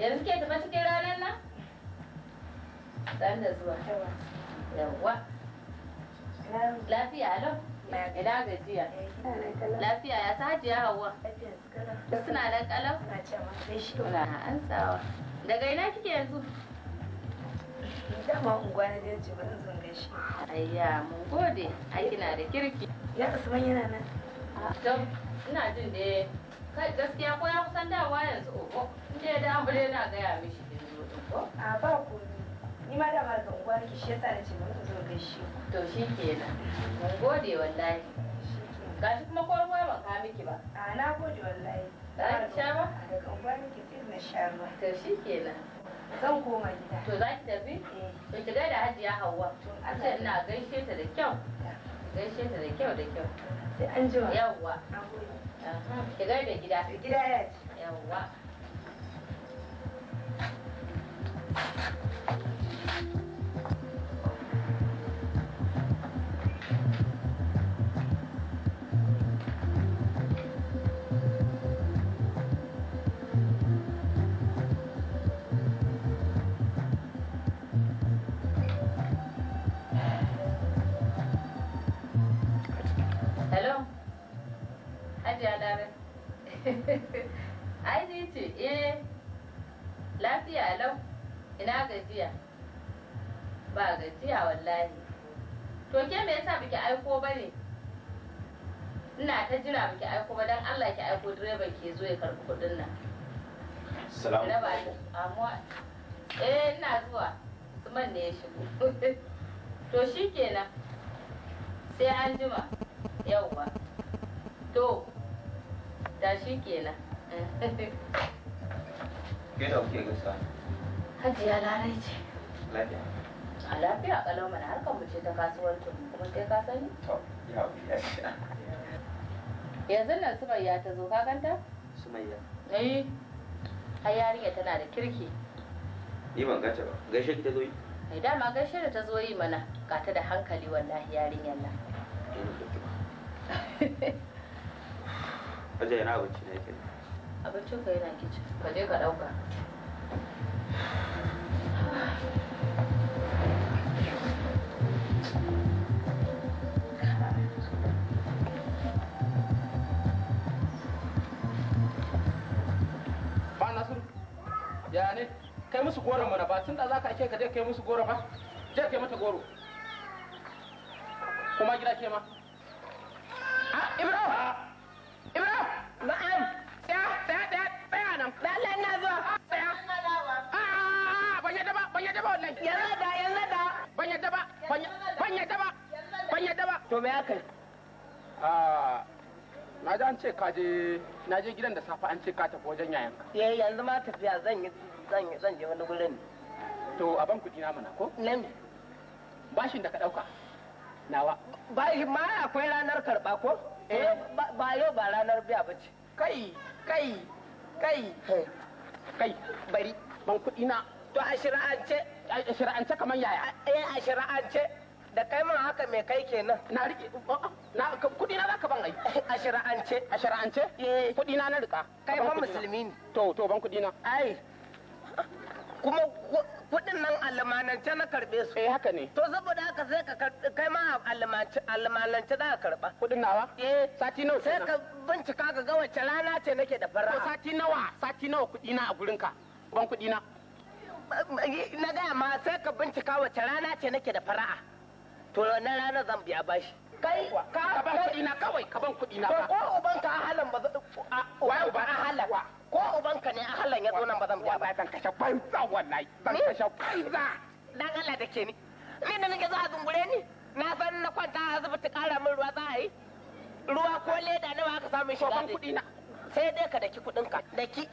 yanzu ke tafi cikin ranar nan dan da zuwa yawa lafiya lau ina gajiya eh, lafiya ya ta hajiya hawa suna da kalau na an sawa daga ina kike yanzu dama unguwa na je ce bari zan gaishe ayya mun gode ai kina da kirki ya usman yana nan to ina jin da kai gaskiya ko ya kusan dawa yanzu ogo in da ya da amure na ga ya mishi kin zo din a ba ku ni ma da marka unguwa nake shi yasa nace bari zan gaishe to shikenan mun gode wallahi gashi kuma ko ruwa ban ka miki ba a na gode wallahi da sha ba da kan ba miki na sha ruwa to shikenan zan koma gida to za ki tafi eh. to ki da gaida hajiya hawa ce ina gaishe ta da kyau gaishe ta da kyau da kyau sai an ji yawwa ki gaida gida gida ya ci yawwa ce eh lafiya lau ina gajiya ba gajiya wallahi to ke me yasa biki aiko ba ne ina ta jira biki aiko ba dan Allah ki aiko direban ke zo ya karbi kudin nan salamu amma eh ina zuwa man ne ya shigo (laughs) to shikenan sai an jima ba. to da shikenan Ke da kuke A lafiya mana harkar mu ce ta kasuwancin kuma kai ka sani? To, ya ya Yanzu nan Sumayya ta zo ka ganta? Sumayya. Eh. Har yarinya tana da kirki. Ni ban ganta ba. Gaishe ta zo yi. Ai eh, dama gaishe da ta zo yi mana. Ga ta da hankali wallahi yarinyar nan. (laughs) na abinci na abincin ka yana kicin ka je ka ɗauka ya ne kai musu goron mana ba tun da za ka ake ka je kai musu goro ba je kai mata goro kuma gida ke ma ibrahim ibrahim na'am yadda ba wallahi ya nada ya nada ban ya daba ban ya daba. ban yadda ba to me aka yi ah, na ji an ce ka je na je gidan da safa an ce ka tafi wajen yayan ka eh yanzu ma tafiya zan yi zan yi zan je wani gurin to a ban kuɗi na mana ko nan bashin da ka dauka nawa bashi ma akwai ranar karba ko eh, eh ba yau ba ranar biya bace kai kai kai eh. kai bari ban kuɗi na to a shira'ance kamar yaya eh a shira'ance da kai man haka mai kai kenan na rike oh, oh, na kudi na zaka ban ai a shira'ance a shira'ance eh. kudi na na rika kai ban musulmi ne to to ban kudi na ai kuma kudin nan almanance na karbe su eh haka ne to saboda haka sai ka kai ma almanance za ka karba kudin nawa eh sati nawa sai ka bincika ka ga wacce rana ce nake da fara to sati nawa sati nawa kudi na a gurinka ban kudi na na gaya ma sai ka bincika wace rana ce nake da fara'a to na rana zan biya bashi kai ka ban kuɗi na kawai ka ban kuɗi na ba ko a ahalan ba wai uban ahalan ko ka ne ahalan ya zo nan ba zan biya ba zan kashe banza wallahi zan kashe banza dan Allah da ke ni ni da nake za a zungure ni na san na kwanta a asibiti kara min ruwa za a yi ruwa ko leda ne ba aka samu shi ban kuɗi na sai dai ka daki kuɗinka daki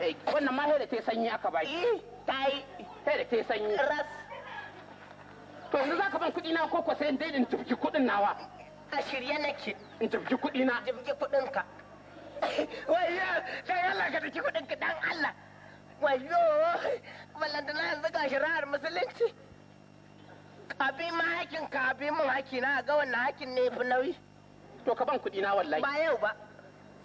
eh, wannan ma ta sanya ka ba shi eh. ta yi sai da sanyi ras to yanzu za ka ban kuɗi na ko ko sai dai in tufki kuɗin nawa a shirye nake in tufki kuɗi na tufki kuɗin ka (laughs) wayo sai Allah ka tufki kuɗin ka dan Allah wayo ballanta na yanzu ga shari'ar musulunci abi ma hakin ka abi mun hakina na ga wannan hakin ne fi nauyi to ka ban kuɗi na wallahi ba yau ba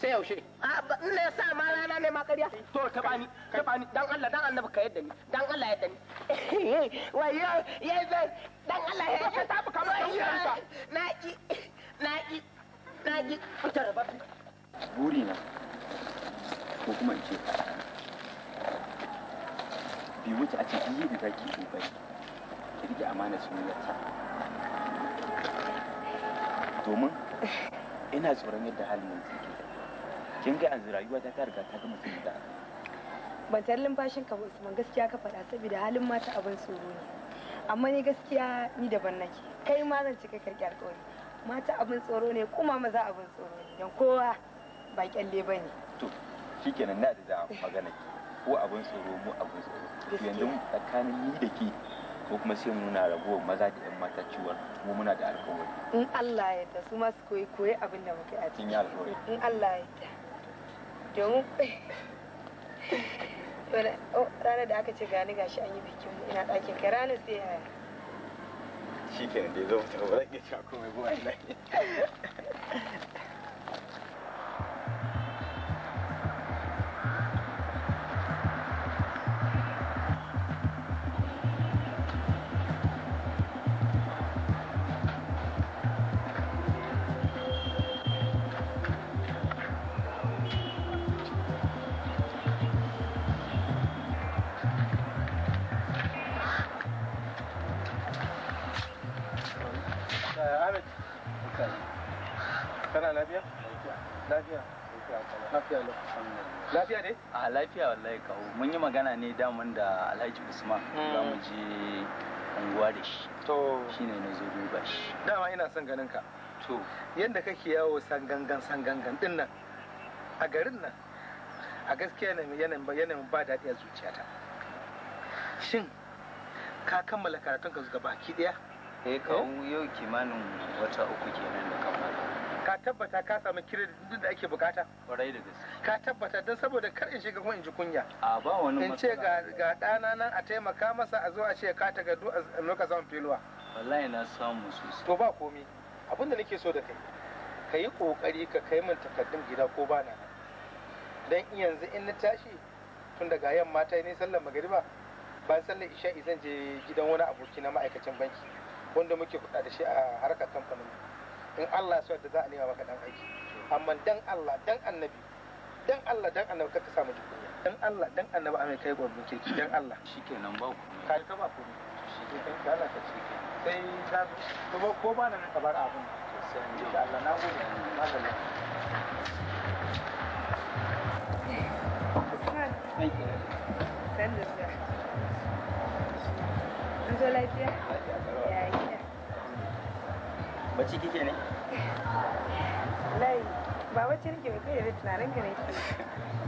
sai yaushe in na sa ma rana ne ma ƙarya to ta bani ta bani dan Allah dan annabi ka yadda ni dan Allah yadda ni wayo ya zai dan Allah ya ka tabu kamar ka na ki na ki na ki fitar ba buri na ko kuma in ce bi wuce a cikin yadda zaki kokari ki rike amana soyayyarta domin ina tsoron yadda halin yanzu ke kin ga yanzu rayuwa ta ta riga ta gama sun da ban tar limfashin ka ba gaskiya ka faɗa saboda halin mata abin tsoro ne amma ni gaskiya ni daban nake kai ma zan cika karki alƙawari mata abin tsoro ne kuma maza abin tsoro ne dan kowa ba kyalle bane to shikenan na da magana ki ko abin tsoro mu abin tsoro yanzu tsakanin ni da ke ko kuma sai muna rabuwa maza da yan mata ciwon mu muna da alƙawari in Allah ya yarda su ma su koyi koyi abin da muke a cikin alƙawari in Allah ya yarda domin ranar da aka ce gani gashi an yi bikin ina ɗakin ka ranar sai yaya shi kenan dai zo mutum ba zan iya (laughs) daman da alhaji usman za mu mm. je unguwa da shi to shine na zo duba shi dama ina son ganin ka to yadda kake yawo sangangan sangangan din nan a garin nan a gaskiya yanayin ba daɗi a zuciyata shin ka kammala karatunka gaba baki ɗaya eh, eh kawo yau kimanin wata uku kenan da kammala ka tabbata ka samu credit duk da ake bukata kwarai da gaske ka tabbata don saboda kar in shiga kuma in ji kunya a ba wani in ce ga ga nan a taimaka masa a zo a ce ka taga du a lokacin samun filuwa wallahi na samu sosai to ba komi abin da nake so da kai ka yi kokari ka kai min takardun gida ko ba na dan yanzu in na tashi tun daga yamma ta yi sallar magariba bayan sallar isha'i zan je gidan wani aboki na ma'aikacin banki wanda muke kuɗa da shi a harkar kamfanin mu in Allah ya so da za a nema maka dan aiki amma dan Allah dan annabi dan Allah dan annabi ka samu jikunya dan Allah dan annabi a mai kai gwabin kirki dan Allah shikenan ba ka ka ba komai shikenan ka Allah ka sai ka kuma ko ba nan ka bar abun sai insha Allah na gode magana Thank you. Send this guy. Until I bacci kike ne lai ba wacce nake mai kai da tunanin ka ne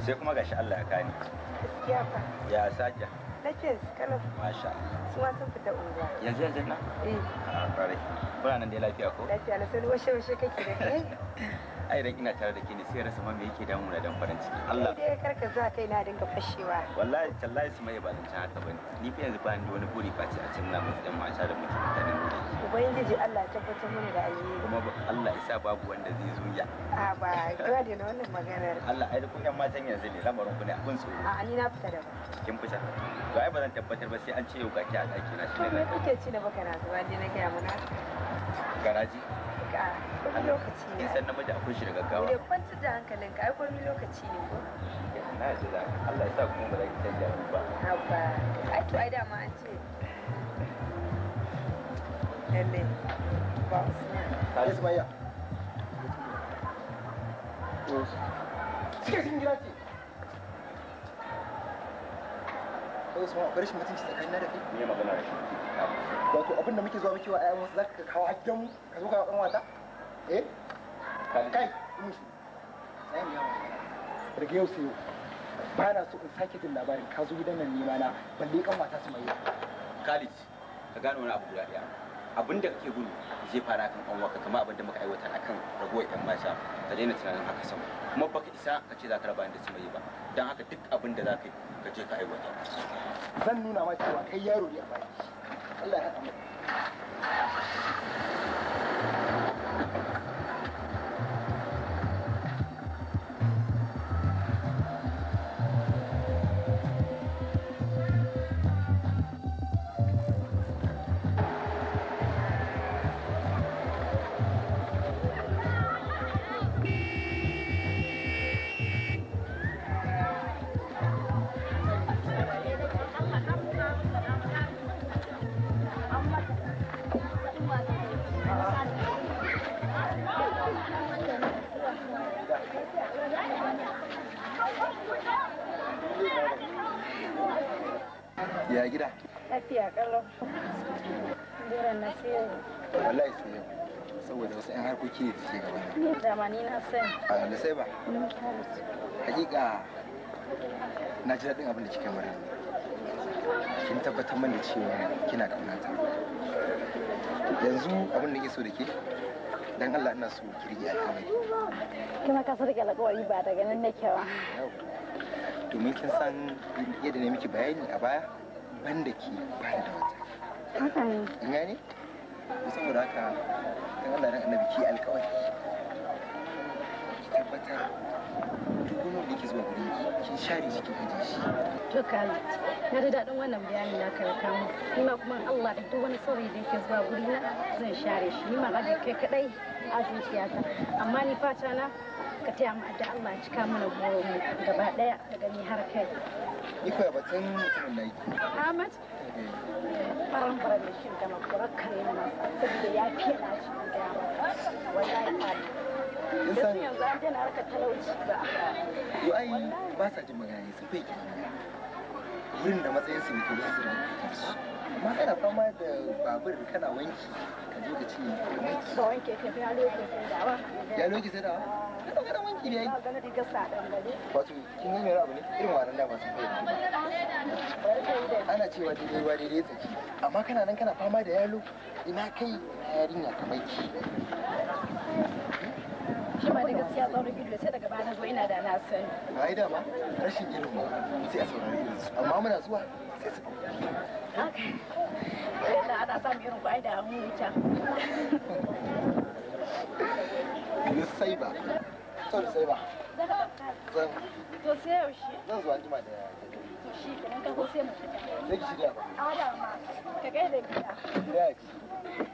sai kuma gashi Allah ya kani gaskiya fa ya saja lakin kalam masha su ma sun fita unguwa yanzu yanzu na eh a ah, kare kuna nan dai lafiya ko lafiya na sani washe washe kake da kai (laughs) ai idan ina tare da ke ne sai rasa ma me yake damu na dan farin ciki Allah kai kar ka zuwa kai na dinga fashewa wallahi tallahi su mai balin can haka bane ni fa yanzu ba ni wani buri face a cin namu dan mata da mutum da nan ubangiji Allah ya tabbatar mana da alheri kuma Allah ya sa babu wanda zai zo ya a ba ga da wannan maganar (laughs) Allah ai da ku yan matan yanzu ne lamarin ku ne a kun tsoro a ni na fita da kin fita to ai ba zan tabbatar ba sai an ce yau ga ki a daki na shi ne to kuke ci da baka na zuwa ne na ga mu na garaji ka akan lokaci ne san namiji akwai shi da gaggawa ya kwanta da hankalin ka ai komai lokaci ne ko na ji da Allah ya sa kuma ba za ki canja ba haba ai to ai dama an ce lalle ba baya ce. su ma bari shi mutunci tsakanin na Me magana da shi? Wato abin da muke zuwa muke wa wasu za ka kawo ka zo ka wata? eh kai rage yau sayo ba na so in sake jin labarin ka zo gidan nan nema na balle kan mata su mai Khalid ka gano wani abu guda daya abin da kake gudu zai fara kan kan waka kamar abin da muka aiwatar akan ragowar yan mata ka daina tunanin haka sama kuma baka isa ka ce za ka raba da su mai ba Don haka duk abin da za ka ka je ka aiwatar zan nuna ma cewa kai yaro ne a baki Allah ya haɗa mu ya gida? Lafiya kalau. Dora na siyo. Wallahi siyo. Saboda wasu 'yan harkoki ne suke gaba. Ni zamani na sai. Ba na sai ba? Hakika na ji daɗin abin da kike mara. Kin tabbatar mana cewa kina ƙaunata. Yanzu abin da ke so da ke dan Allah ina so kirgi alƙawari. Kina ka sarki alƙawari ba daga nan nake ba. Domin kin san yadda ne miki bayani a baya ban da ki ban da wata haka ne in gane saboda haka ta Allah dan annabi ki alƙawari ki tabbatar duk wani da ke zuwa gurin ki kin share shi kin aje shi to kai na da dadin wannan bayanin na kai kamu kuma kuma Allah da duk wani saurayi da yake zuwa na zan share shi ni ma ga kai kaɗai a zuciyata amma ni fata na ka taya mu da Allah ya cika mana burin gaba daya da gani har kai ni koya batun mutumin na yi. Ahmad faran faran da shi da makurar kare na saboda ya fiye da shi da wallahi fadi da yanzu an tana harka talauci ba yo ai ba sa jin magana sun kyanar wurin da matsayin su ne ko su da su amma kana fama da babur kana wanki ka zo ka wanki ba wanke eh, ya loke sai dawa ya eh. loke sai dawa wanki ne wato kin yi abu ne irin wannan da ba su ana cewa tsaki amma kana nan kana fama da yalo ina kai yarinya kamar ki shi ma da gaskiya tsaurin sai daga bana zo ina da na sani ai da ma rashin ilimi sai a saurari ido amma muna zuwa sai su haka ana samun irin mu wuta ni sai ba sai ba zan to sai yaushe zan zuwa jima da to shi kenan ka ko sai mu fita ki shirya ba a da ma ka gaida gida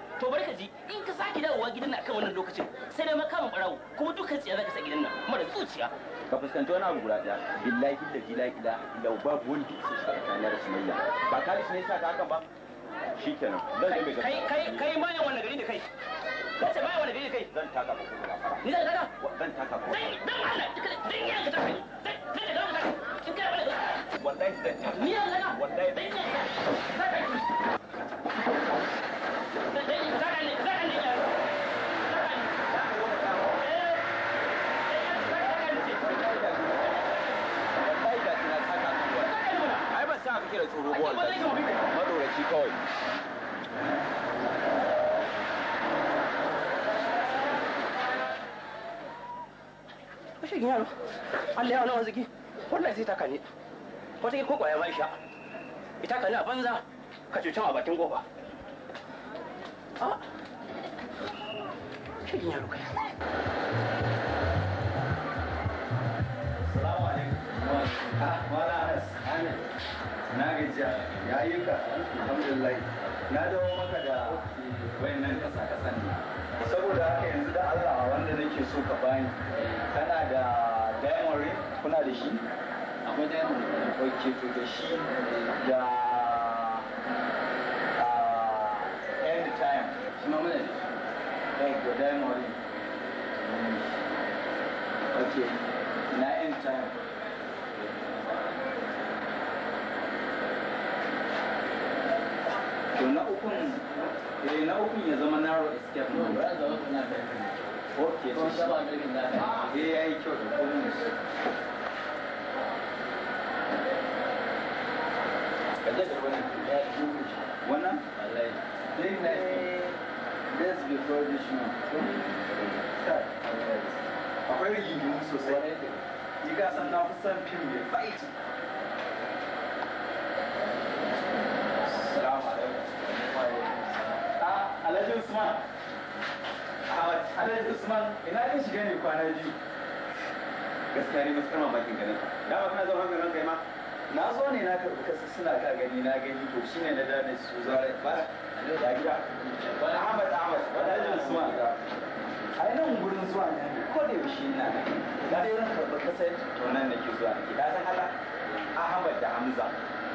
to bari ka ji in ka sake dawowa gidan nan akan wannan lokacin sai dai makamin barawo kuma dukkan tsiya zaka sa gidan nan mara zuciya ka fuskanci wani abu guda daya billahi da jila ila ila babu wani duk sai ka tsaya da sumayya ba kalis ne yasa ka hakan ba shikenan zan je mai kai kai kai ma yan wannan gari da kai kace ma yan wannan gari da kai zan taka ko kuma fara ni zan taka zan taka ko dan dan Allah dan yan ka taka dan dan ka taka in kai wallahi zan taka ni zan taka wallahi zan taka abuwan da maɗoraci kawai shigin yaro Allah ya wani wanziki wallahi sai taka ne wata ke kokwaya ma isha ita ka ne a banza ka cutan a bakin kofa ah. shigin yaro kai Salamu alaikum. Wala Anas. na gajiya ya yi ka alhamdulillah na dawo maka da nan kasa kasan ne saboda haka yanzu da Allah wanda nake so ka bani kana da diamond ring kuna da shi akwai diamond ring? ok to da shi da ah, end time shi ma mana da shi da diamond ring ok na end time to na ukun eh na ukun ya zama narrow escape ne ba da wannan na kai ok ko da ba da kin da eh yayi kyau da komai kaje da wannan ya ji wannan wallahi dai na this before this one akwai rigingimu sosai yi gasan na kusan fim mai fight usman a alhaji usman ina ɗin shiga ne kwana biyu gaskiya ne masu bakin ganin ka dama kana zama mai ranka ma na zo ne na karɓi kasa suna ka gani na gani to shi ne na dane su zara ba da gida wani ahmad ahmad wani ajin usman a yi nan gurin zuwa ne ko da yaushe na na dai ran karɓi kasa to nan nake zuwa gida ta hala ahmad da hamza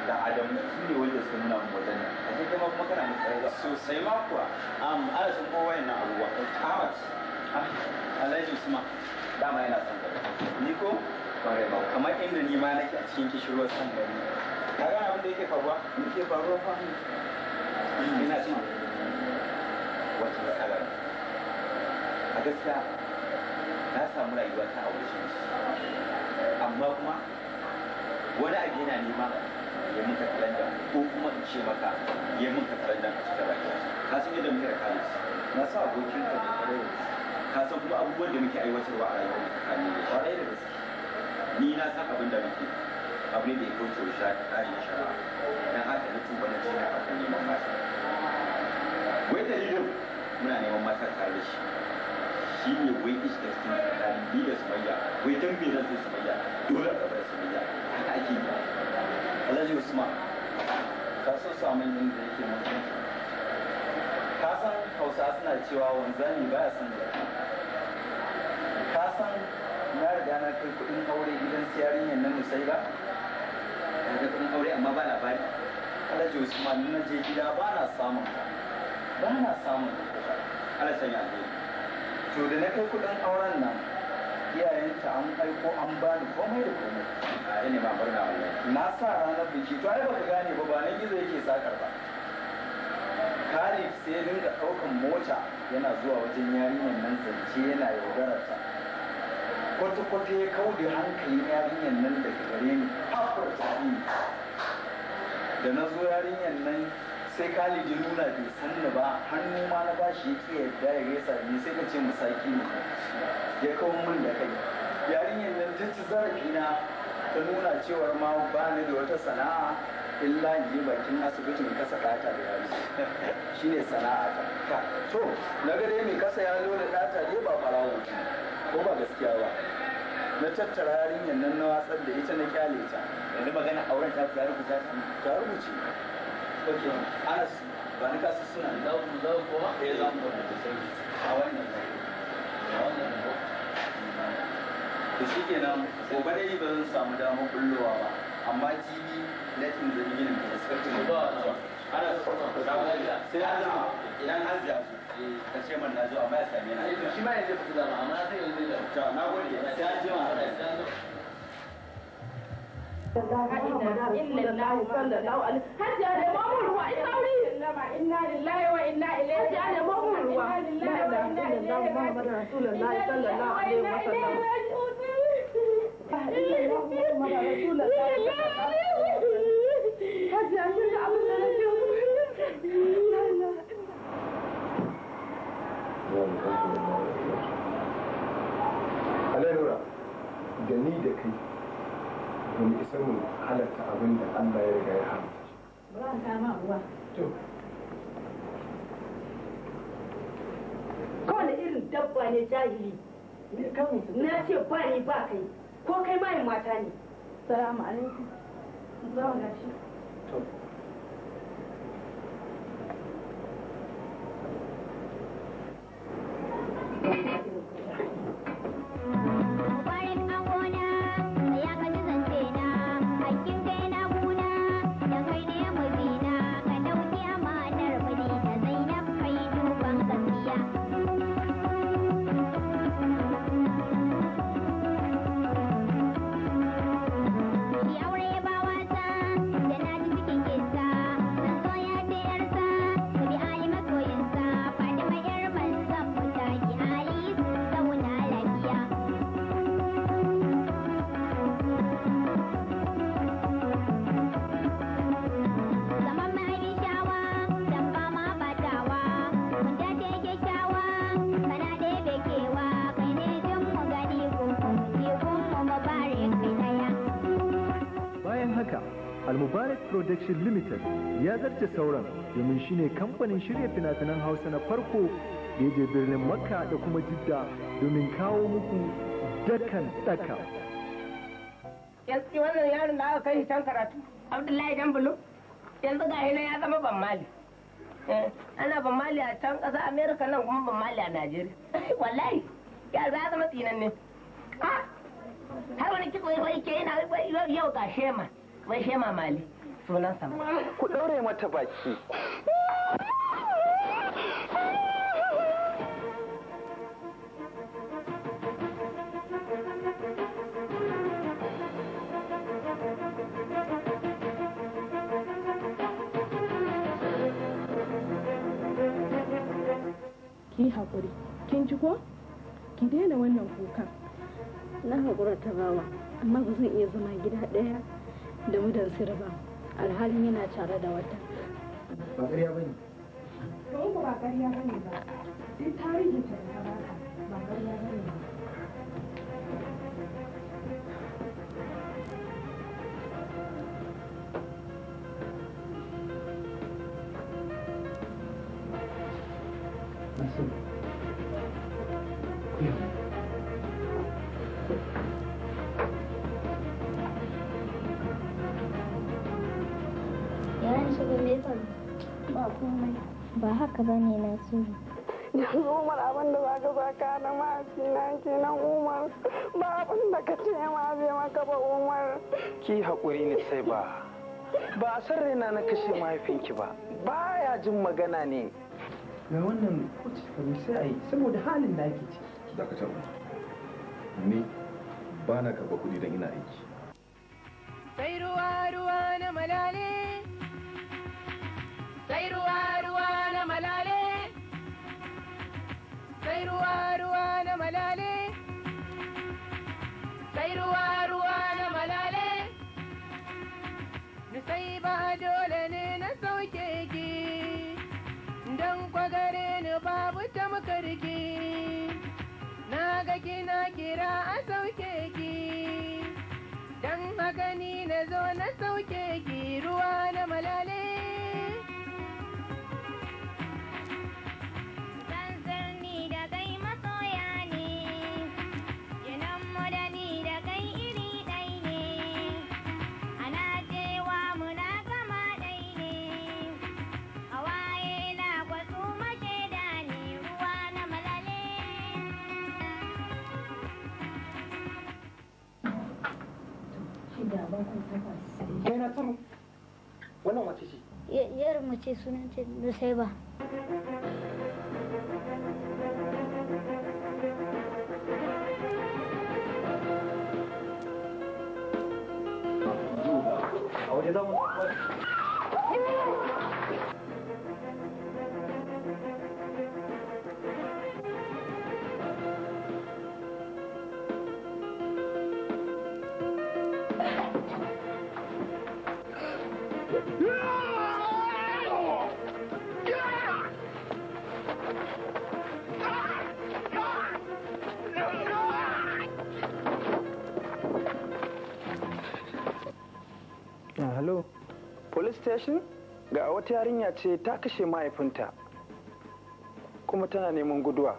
Da adam su ne wanda sun nan wajen nan a cikin kuma kana mutsari ba sosai ma kuwa am ana sun kowa yana abubuwa Ahmad Alhaji Usman dama yana son ka ni ko kware ba kamar inda ni ma nake a cikin kishirwar san gari ka ga abin da yake faruwa yake faruwa fa ina son wata matsala a gaskiya na samu rayuwa ta aure amma kuma wani abu yana nema ya muka katsalandan ko kuma in ce maka ya muka katsalandan a cikin rayuwa ka san yadda muke da kalis na sa abokin ka da kare ka san kuma abubuwan da muke aiwatarwa a rayuwar mu tsakanin da kwarai da gaske ni na san abin da muke abu ne da ya kauce wa shari'a tsari da shara, dan haka na tuba na cikin akan neman mata wai dalilin muna neman mata tare da shi shi ne wai iska, su tsakanin ni da sumayya wai dan me zan so sumayya dole a su sumayya haka ake yi alhaji usman ka so samun da yake mutum ka san hausa suna cewa wanzani baya son da ka san na riga na kai kudin aure gidan siyarinyar na musaila ga kudin aure amma ba labari alhaji usman na je gida ba na samun ba na samun alhaji sanya to da na kai kudin auren nan iyayenta an aiko an bani komai da komai a ne ma barna na sa ranar biki to ai baka gane ba ba nan gizo yake sakar ba Khalif sai dinga ɗaukan mota yana zuwa wajen yarinyar nan zance yana yaudarar ta kwata-kwata ya kaude hankalin yarinyar nan daga gare ni hafar ta da na zo yarinyar nan sai Khalid nuna bai sanni ba hannu ma na bashi yake yadda ya gaisa ni sai ka ce musaki ne ya kawo min da kai yarinyar nan ta ci zarafi na ta nuna cewar ma ba ni da wata sana'a illa in yi bakin asibiti mai kasa ɗata da yaro (laughs) ne sana'a ta to na ga dai mai kasa ya zo da ɗata dai ba farawo ko ba gaskiya ba na tattara yarinyar nan na watsar da ita na kyale ta yanzu magana auren ta ta rubuta ta rubuce anas ba ni kasu suna za ku za ku kuwa eh za mu da sai a wannan a wannan to shi kenan gobe ba zan samu damar bullowa ba amma jibi latin da yin da suka ba ana da ko zama sai an zama idan eh, ka ce man na zuwa ba ya same na shi ma ne je ku zama amma sai yanzu da إلا الله صلى الله عليه هدي أنا مأمور وإنوري إنا لله وإنا إليه هدي أنا مأمور وإنا لله وإنا إليه محمد رسول الله صلى الله عليه وسلم إلا الله محمد رسول الله صلى الله عليه وسلم هدي أنا مأمور Alelura, da ni da kai mun fi sanin halatta abin da Allah ya riga ya haramta. Ba ma To. Kowane irin dabba ne jahili. Na ce ba ni ba kai. Ko kai mayin mata ne. Salamu alaikum. gashi. To. Thank you. domin shine kamfanin shirya fina-finan hausa na farko da ya je birnin makka da kuma jidda domin kawo muku dakan daka yanzu wannan yaron da aka kai can karatu abdullahi dan bulu yanzu ga hina ya zama ban mali eh, ana ban mali a can kasa america nan kuma ban mali a najeriya (laughs) wallahi ya za zama tsinan ne har wani kitso yake yana yau ga shema wai shema mali sunansa ku ɗaure mata baki ki haƙuri kin ji ko ki daina wannan kuka na haƙura ta bawa amma ba zan iya zama gida ɗaya da mudan sirba ba alhalin yana tare da wata ba ƙarya ba ne ba ƙarya ba ne ba duk tarihi ta ba ƙarya ba ne haka ba ne na tsoro yanzu umar abin da zaka saka na mafi na kenan umar ba abin da ka ce ma zai maka ba umar ki haƙuri ne sai ba ba a san raina na kashe mahaifinki ba ba ya jin magana ne ga wannan kuce kamar sai a yi saboda halin da ake ci da ka ni ba na karɓa kuɗi don ina aiki sai ruwa ruwa na malale sai ruwa ruwa na malale sai ruwa ruwa na malale sai ruwa ruwa na malale ni sai ba dole ne na sauke ki don kwagare ni babu tamkarki na ga kina kira a sauke ki don haka ni na zo na sauke ki ruwa na malale Yana turu. Wannan wace ce? Yar mace a waje Thank Ah, hello. Police station? Ga wata yarinya ce ta kashe mahaifinta kuma tana neman guduwa.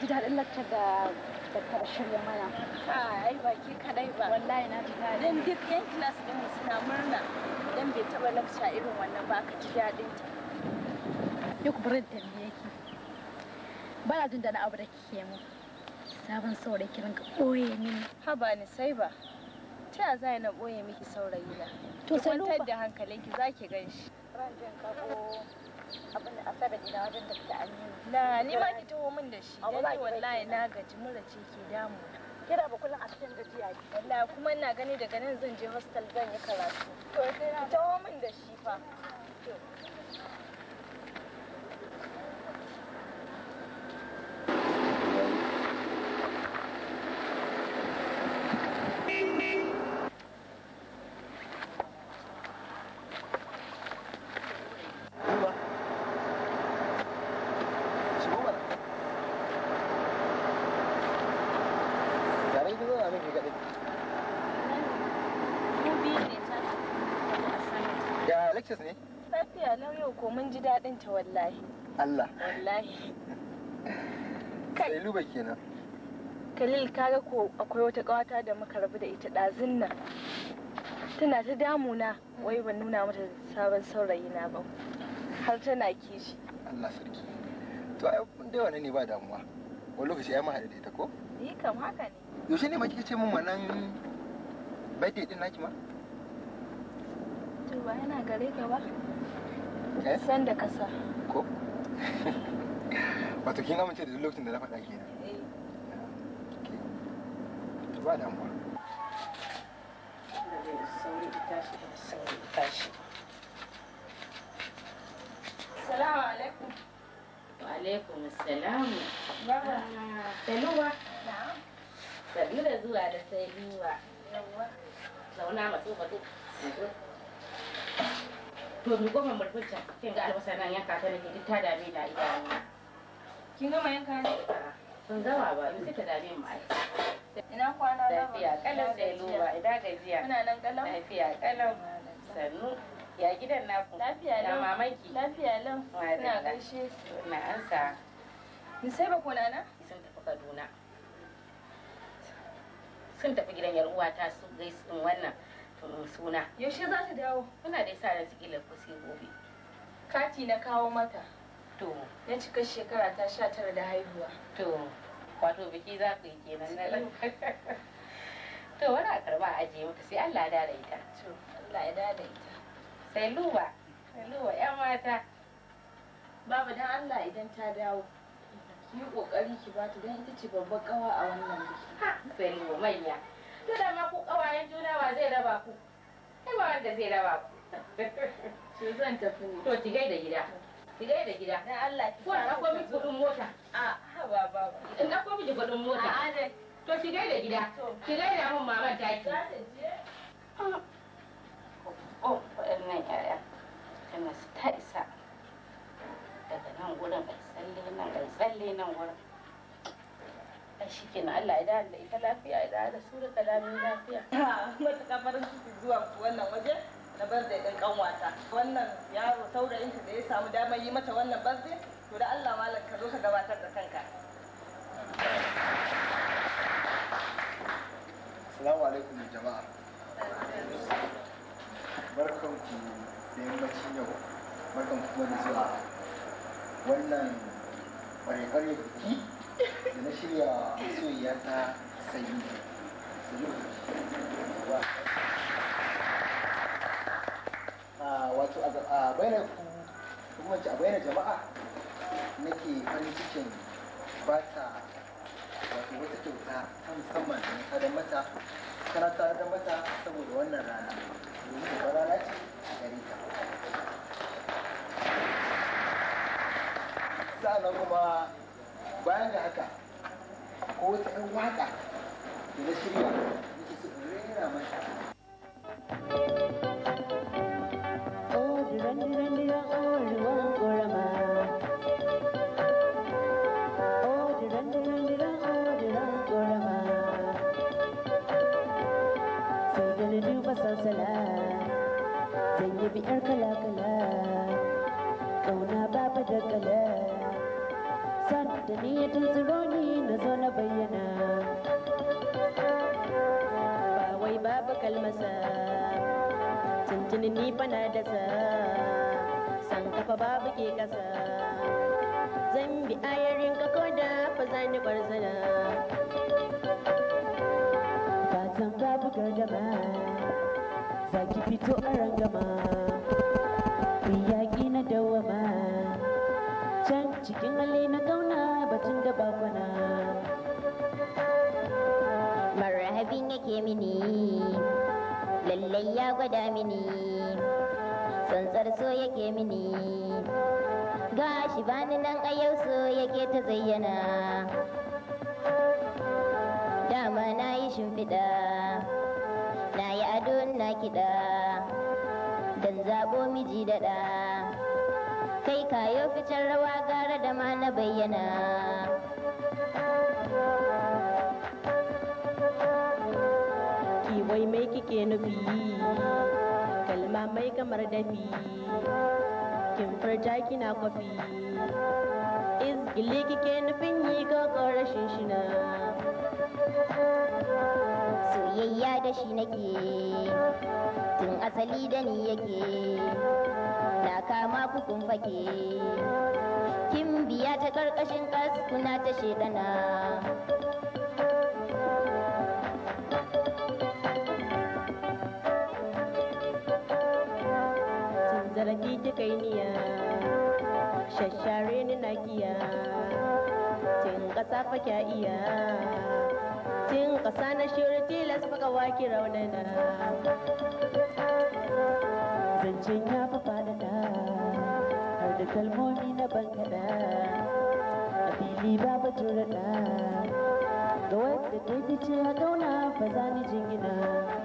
ji daɗin lakcar da da shirya mana. Ha, Ai ba ke kadai ba. Wallahi na ji daɗin. Dan duk yan kilas ɗin suna murna dan bai taɓa lakca irin wannan ba ka ji daɗin ta. Duk burin tambaye ki. Ba na jin daɗin abu da kike mu. Sabon saurayi kiran ka ɓoye mini. Haba ni sai ba. Ta ya za na ɓoye miki saurayi na? To sai kwantar da hankalinki za ki gan shi. Ran jin ka ko abin da asabar da wajen da ta aminu. Na ni ma gaji wallahi na gaji mura ce ke damu kira ba kullum a cikin gajiya wallahi kuma ina gani daga nan zan je hostel zan yi karatu to ki tawo min da shi fa lafiya ne? Lafiya lau yau ko mun ji daɗin ta wallahi. Allah. Wallahi. (laughs) Kai. Luba kenan. Khalil kaga ko akwai wata ƙawata da muka rabu da ita ɗazun nan. Tana ta damuna wai ban nuna mata sabon saurayi na ba. Har tana kishi. Allah sarki. To ai dai wani ne ba damuwa. Wani lokaci ai mahaɗa da ita ko? Ni kam haka ne. Yaushe ne ma ce min wannan birthday din naki ma? ba yana gare ka ba eh? san da kasa ko (laughs) wato kin amince da duk lokacin da na faɗa kenan eh ba damuwa Salamu alaikum. Wa alaikum salam. Baba. Saluwa. Na'am. da zuwa da saluwa. Yawwa. Zauna matsu matsu. to mi goma murfucin kin ga albasa nan yanka ta nake duk ta dame na idanu kin gama yanka ne Sun zama ba in sai ta dame mu ai ina kwana na lafiya kalan da luba ina gajiya ina nan kalan lafiya kalan sannu ya gidan naku lafiya lau mamaki lafiya lau ina gaishe na ansa ni sai ba ko na sun tafi Kaduna sun tafi gidan yar uwa ta su gaisu wannan Eh, suna yaushe za ta dawo muna da sa da kila ko sai gobe kati na kawo mata to na cika shekara ta sha tara da haihuwa to wato biki za ku yi kenan na to wani a karba je mata sai Allah ya dada ita to Allah ya dada ita sai luba sai luba ya mata baba dan Allah idan ta dawo ki yi kokari ki bata dan ita ce babbar kawa a wannan biki sai luba manya to da ma ku kawayen juna wa zai raba ku ai ba wanda zai raba ku to zan tafi to ki gaida gida ki gaida gida dan Allah ki ko na ko miki kudin mota a ha ba ba na ko miki kudin mota a ne to ki gaida gida ki gaida mun maman taki yaya kana ah. oh, ta isa daga nan gurin ai tsalle nan ai tsalle nan gurin shi kenan Allah ya dawo da ita lafiya ya da su da kalamin lafiya matuƙa farin ciki zuwa wannan waje na birthday ƙanwata wannan yaro saurayinta da ya samu damar yi mata wannan birthday to da Allah malam ka zo ka gabatar da kanka Assalamu alaikum jama'a barkan ku da yau barkan ku kuma da zuwa wannan ƙwarƙwarar na shirya masoyiya ta sayi ah, wato a bayanar ku kuma a jama'a nake farin cikin ba ta wato wata kyauta ta musamman da ta mata tana ta dan mata saboda wannan rana domin ba rana ce a gare ta sa'annan kuma bayan da haka ko wata 'yan waƙa da na shirya nake su rera mata Oh, diran diran ƙorama diran diran ƙorama da Zan yi biyar kala-kala Ƙauna babu da kala Hassan da niyyatan tsiro ni na zo na bayyana ba wai babu kalmasa tuntunin ni fana da sa san kafa babu ke kasa zan bi ayarin ka koda fa zani Ba fatan babu gargaba, za ki fito a rangama cikin hali na kauna batun da bakwana marhabin yake mini lallai ya gwada mini tsantsar so yake mini gashi bani nan a yau so yake ta zayyana dama na yi shimfiɗa na yi ado na kiɗa dan zaɓo miji da ɗa kai kayo fitar rawa gara da ma na bayyana wai mai kike nufi kalma mai kamar dafi kin farta kina kwafi izgile kike nufin yi ga rashin shina soyayya da shi nake tun asali da ni yake Allah kama ku kun fake kin biya ta karkashin kaskuna ta shedana cin zarafi kika yi niya shashare ni na giya. Tin kasa fa kya iya Tin kasa na shirin tilas fa ka waki raunana zancen ya fi faɗaɗa har da kalmomi na bankaɗa a fili ba batun raɗa ga wadda ta ce a dauna ba za ni jingina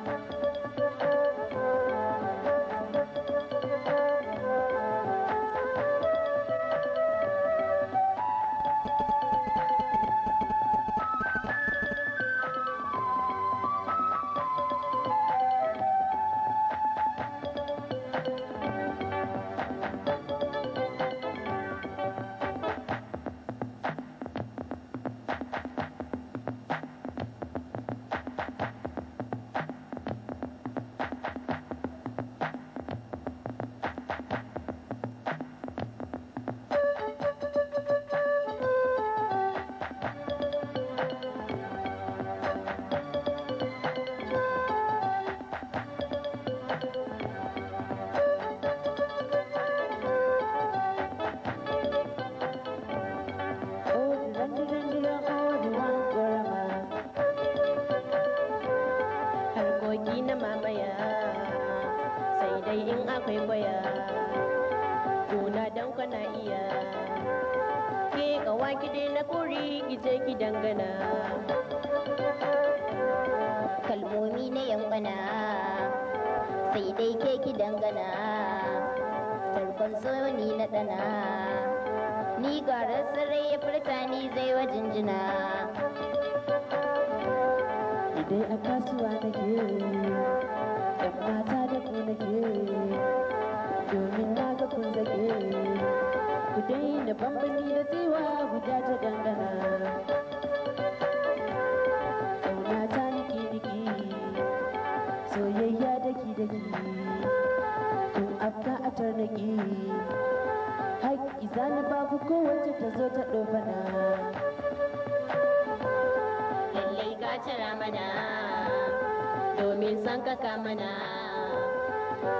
mana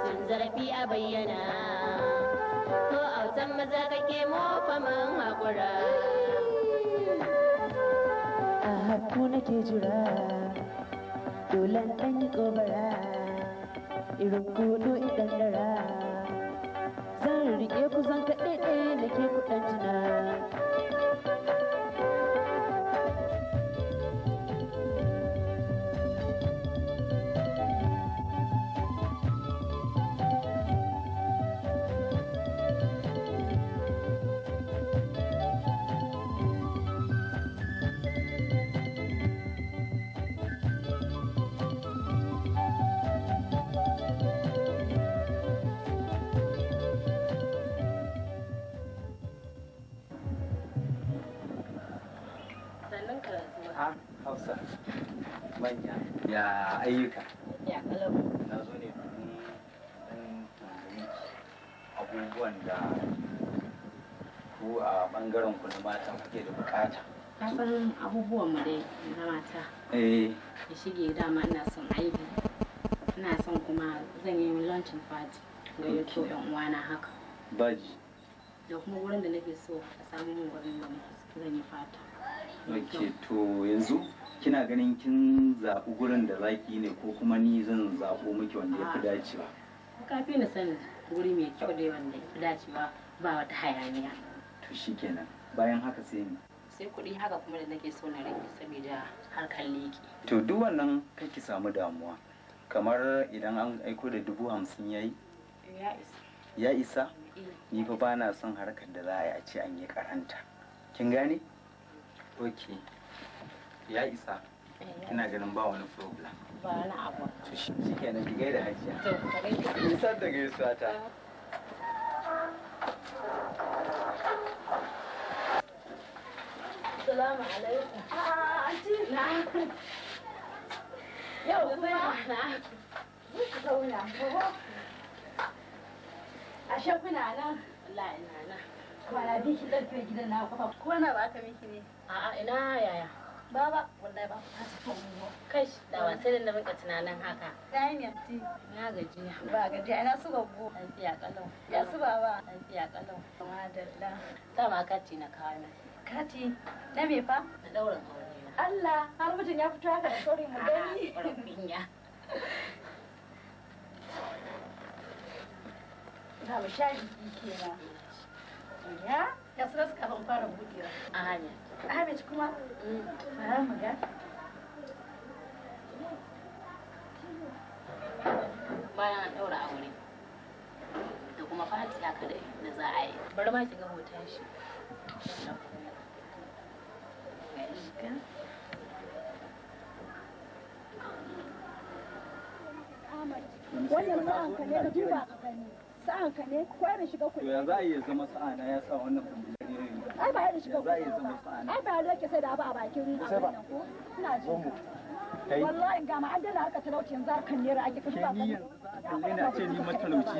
sun zarafi a bayyana ko autan maza kake mofa mun haƙura a haku nake jira dolan ɗan ƙobara, irin kudu idan dara zan riƙe ku zan ayyuka na zo ne domin tambayi abubuwan da ku a bangaren ku na mata kuke da bukata kasan abubuwan mu dai na mata eh ya shige dama ina son aiki ina son kuma zan yi launching party ga yato yan uwana haka baji da kuma wurin da nake so a samu wurin da zan yi fata ok to yanzu kina ganin kin zaɓi gurin da zaki ne ko kuma ni zan zaɓo miki wanda ya fi ah. dacewa kafi na sani guri mai kyau dai wanda ya fi dacewa ba wata hayaniya to shi kenan bayan haka sai ni sai kuɗi haka kuma da nake so na rage saboda harkar leki to duk wannan kai ki samu damuwa kamar idan an aiko da dubu hamsin yayi ya isa ya isa eh. ni fa ba na son harkar da za a yi a ce an yi karanta kin gane ok ya isa eh, ina ganin ba wani problem ba wani abu to shi na ki gaida hajiya to ka gaida isar da gaisuwa ta Assalamu alaikum. Ah, anti na. Yau kuma na. Muka zauna ko? a Ashe kuna nan? Wallahi ina na Kwana biki ki ɗauke gidan na kuma. Ko na ba ka miki ne? A'a ina yaya. ba ba wallahi ba kai da ba sai da muka tunanin haka dai ne ti na gaji ba gaji ina su babbo an tsiya kallon ya su baba an tsiya kallon madalla ta ma kati na kawai. mai kati na me fa na dauran Allah har mutum ya fito haka da shorin mu gani (laughs) kunya da mu sha jiki kenan ya ya suka fara buɗewa a hanya Ahmed kuma bara mu ga bayan an ɗaura aure da kuma fatiya kadai da za a yi bari ma ki ga hoton shi wannan sa'anka ne ka duba ka gani sa'anka ne ko irin shiga kuɗi to yanzu a iya zama sa'a na ya sa wannan ai ba irin shiga ai ba da ke sai da ba a bakin abin nan ko ina jin wallahi ga ma an dana harka ne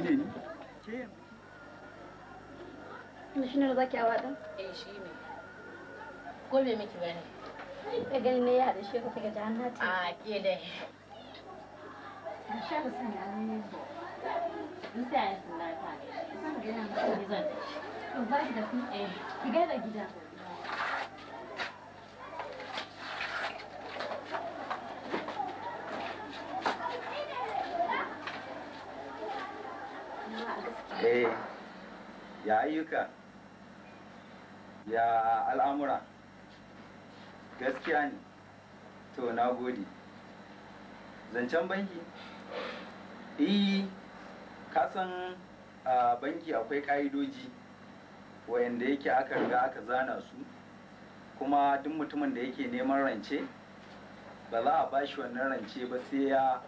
ni ke shi ne zaki awa din eh shi ne ko me miki bane ka gani ne ya da shi ka ga jannati a ke ne ba To da kuɗi. Ki gaida gida. Eh, ya ayyuka, ya al'amura, gaskiya ne, to na gode. Zancen banki? Eh, kasan ah, banki akwai ƙa'idoji. wayanda yake aka riga aka zana su kuma duk mutumin da yake neman rance ba za a bashi wannan rance ba sai ya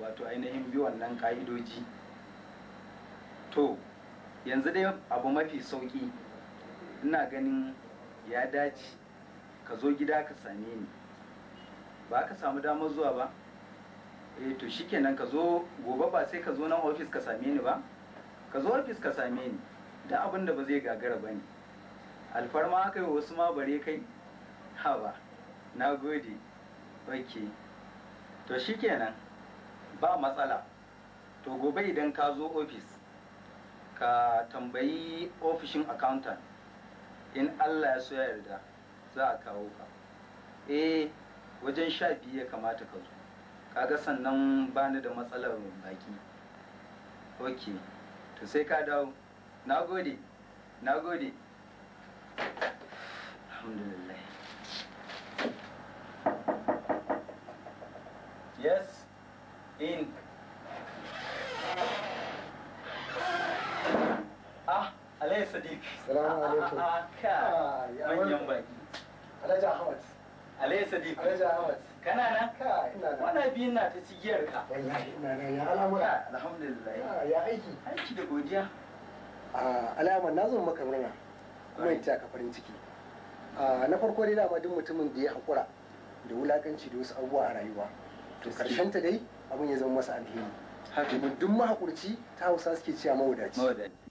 wato ainihin bi wannan ka'idoji to yanzu dai abu mafi sauki ina ganin ya dace ka zo gida ka same ni ba ka samu damar zuwa ba e to shikenan ka zo gobe ba sai ka zo nan ofis ka same ni ba ka zo ofis ka same ni da abin da ba zai gagara ba ne alfarma aka yi wasu ma bare kai haba na gode ok to shikenan ba matsala to gobe idan ka zo ofis ka tambayi ofishin accountant in allah ya so ya yarda za a kawo ka eh wajen sha biyu ya kamata ka zo kaga sannan bani da matsalar baki ok to sai ka dawo na gode na gode alhamdulillah yes in ah alayhi sadiq salamu alaikum ah, ah, ka ah, manyan baki alhaji ahmad alayhi sadiq alhaji ahmad kana na ka ina na wannan biyin na ta cigiyar ka wallahi ina na ya alhamdulillah ya aiki aiki da godiya alamar na zo maka murna kuma in ka farin ciki na farko dai dama duk mutumin da ya haƙura da wulakanci da wasu abubuwa a rayuwa to karshen ta dai abin ya zama masa alheri domin duk mahaƙurci ta hausa suke cewa mawadaci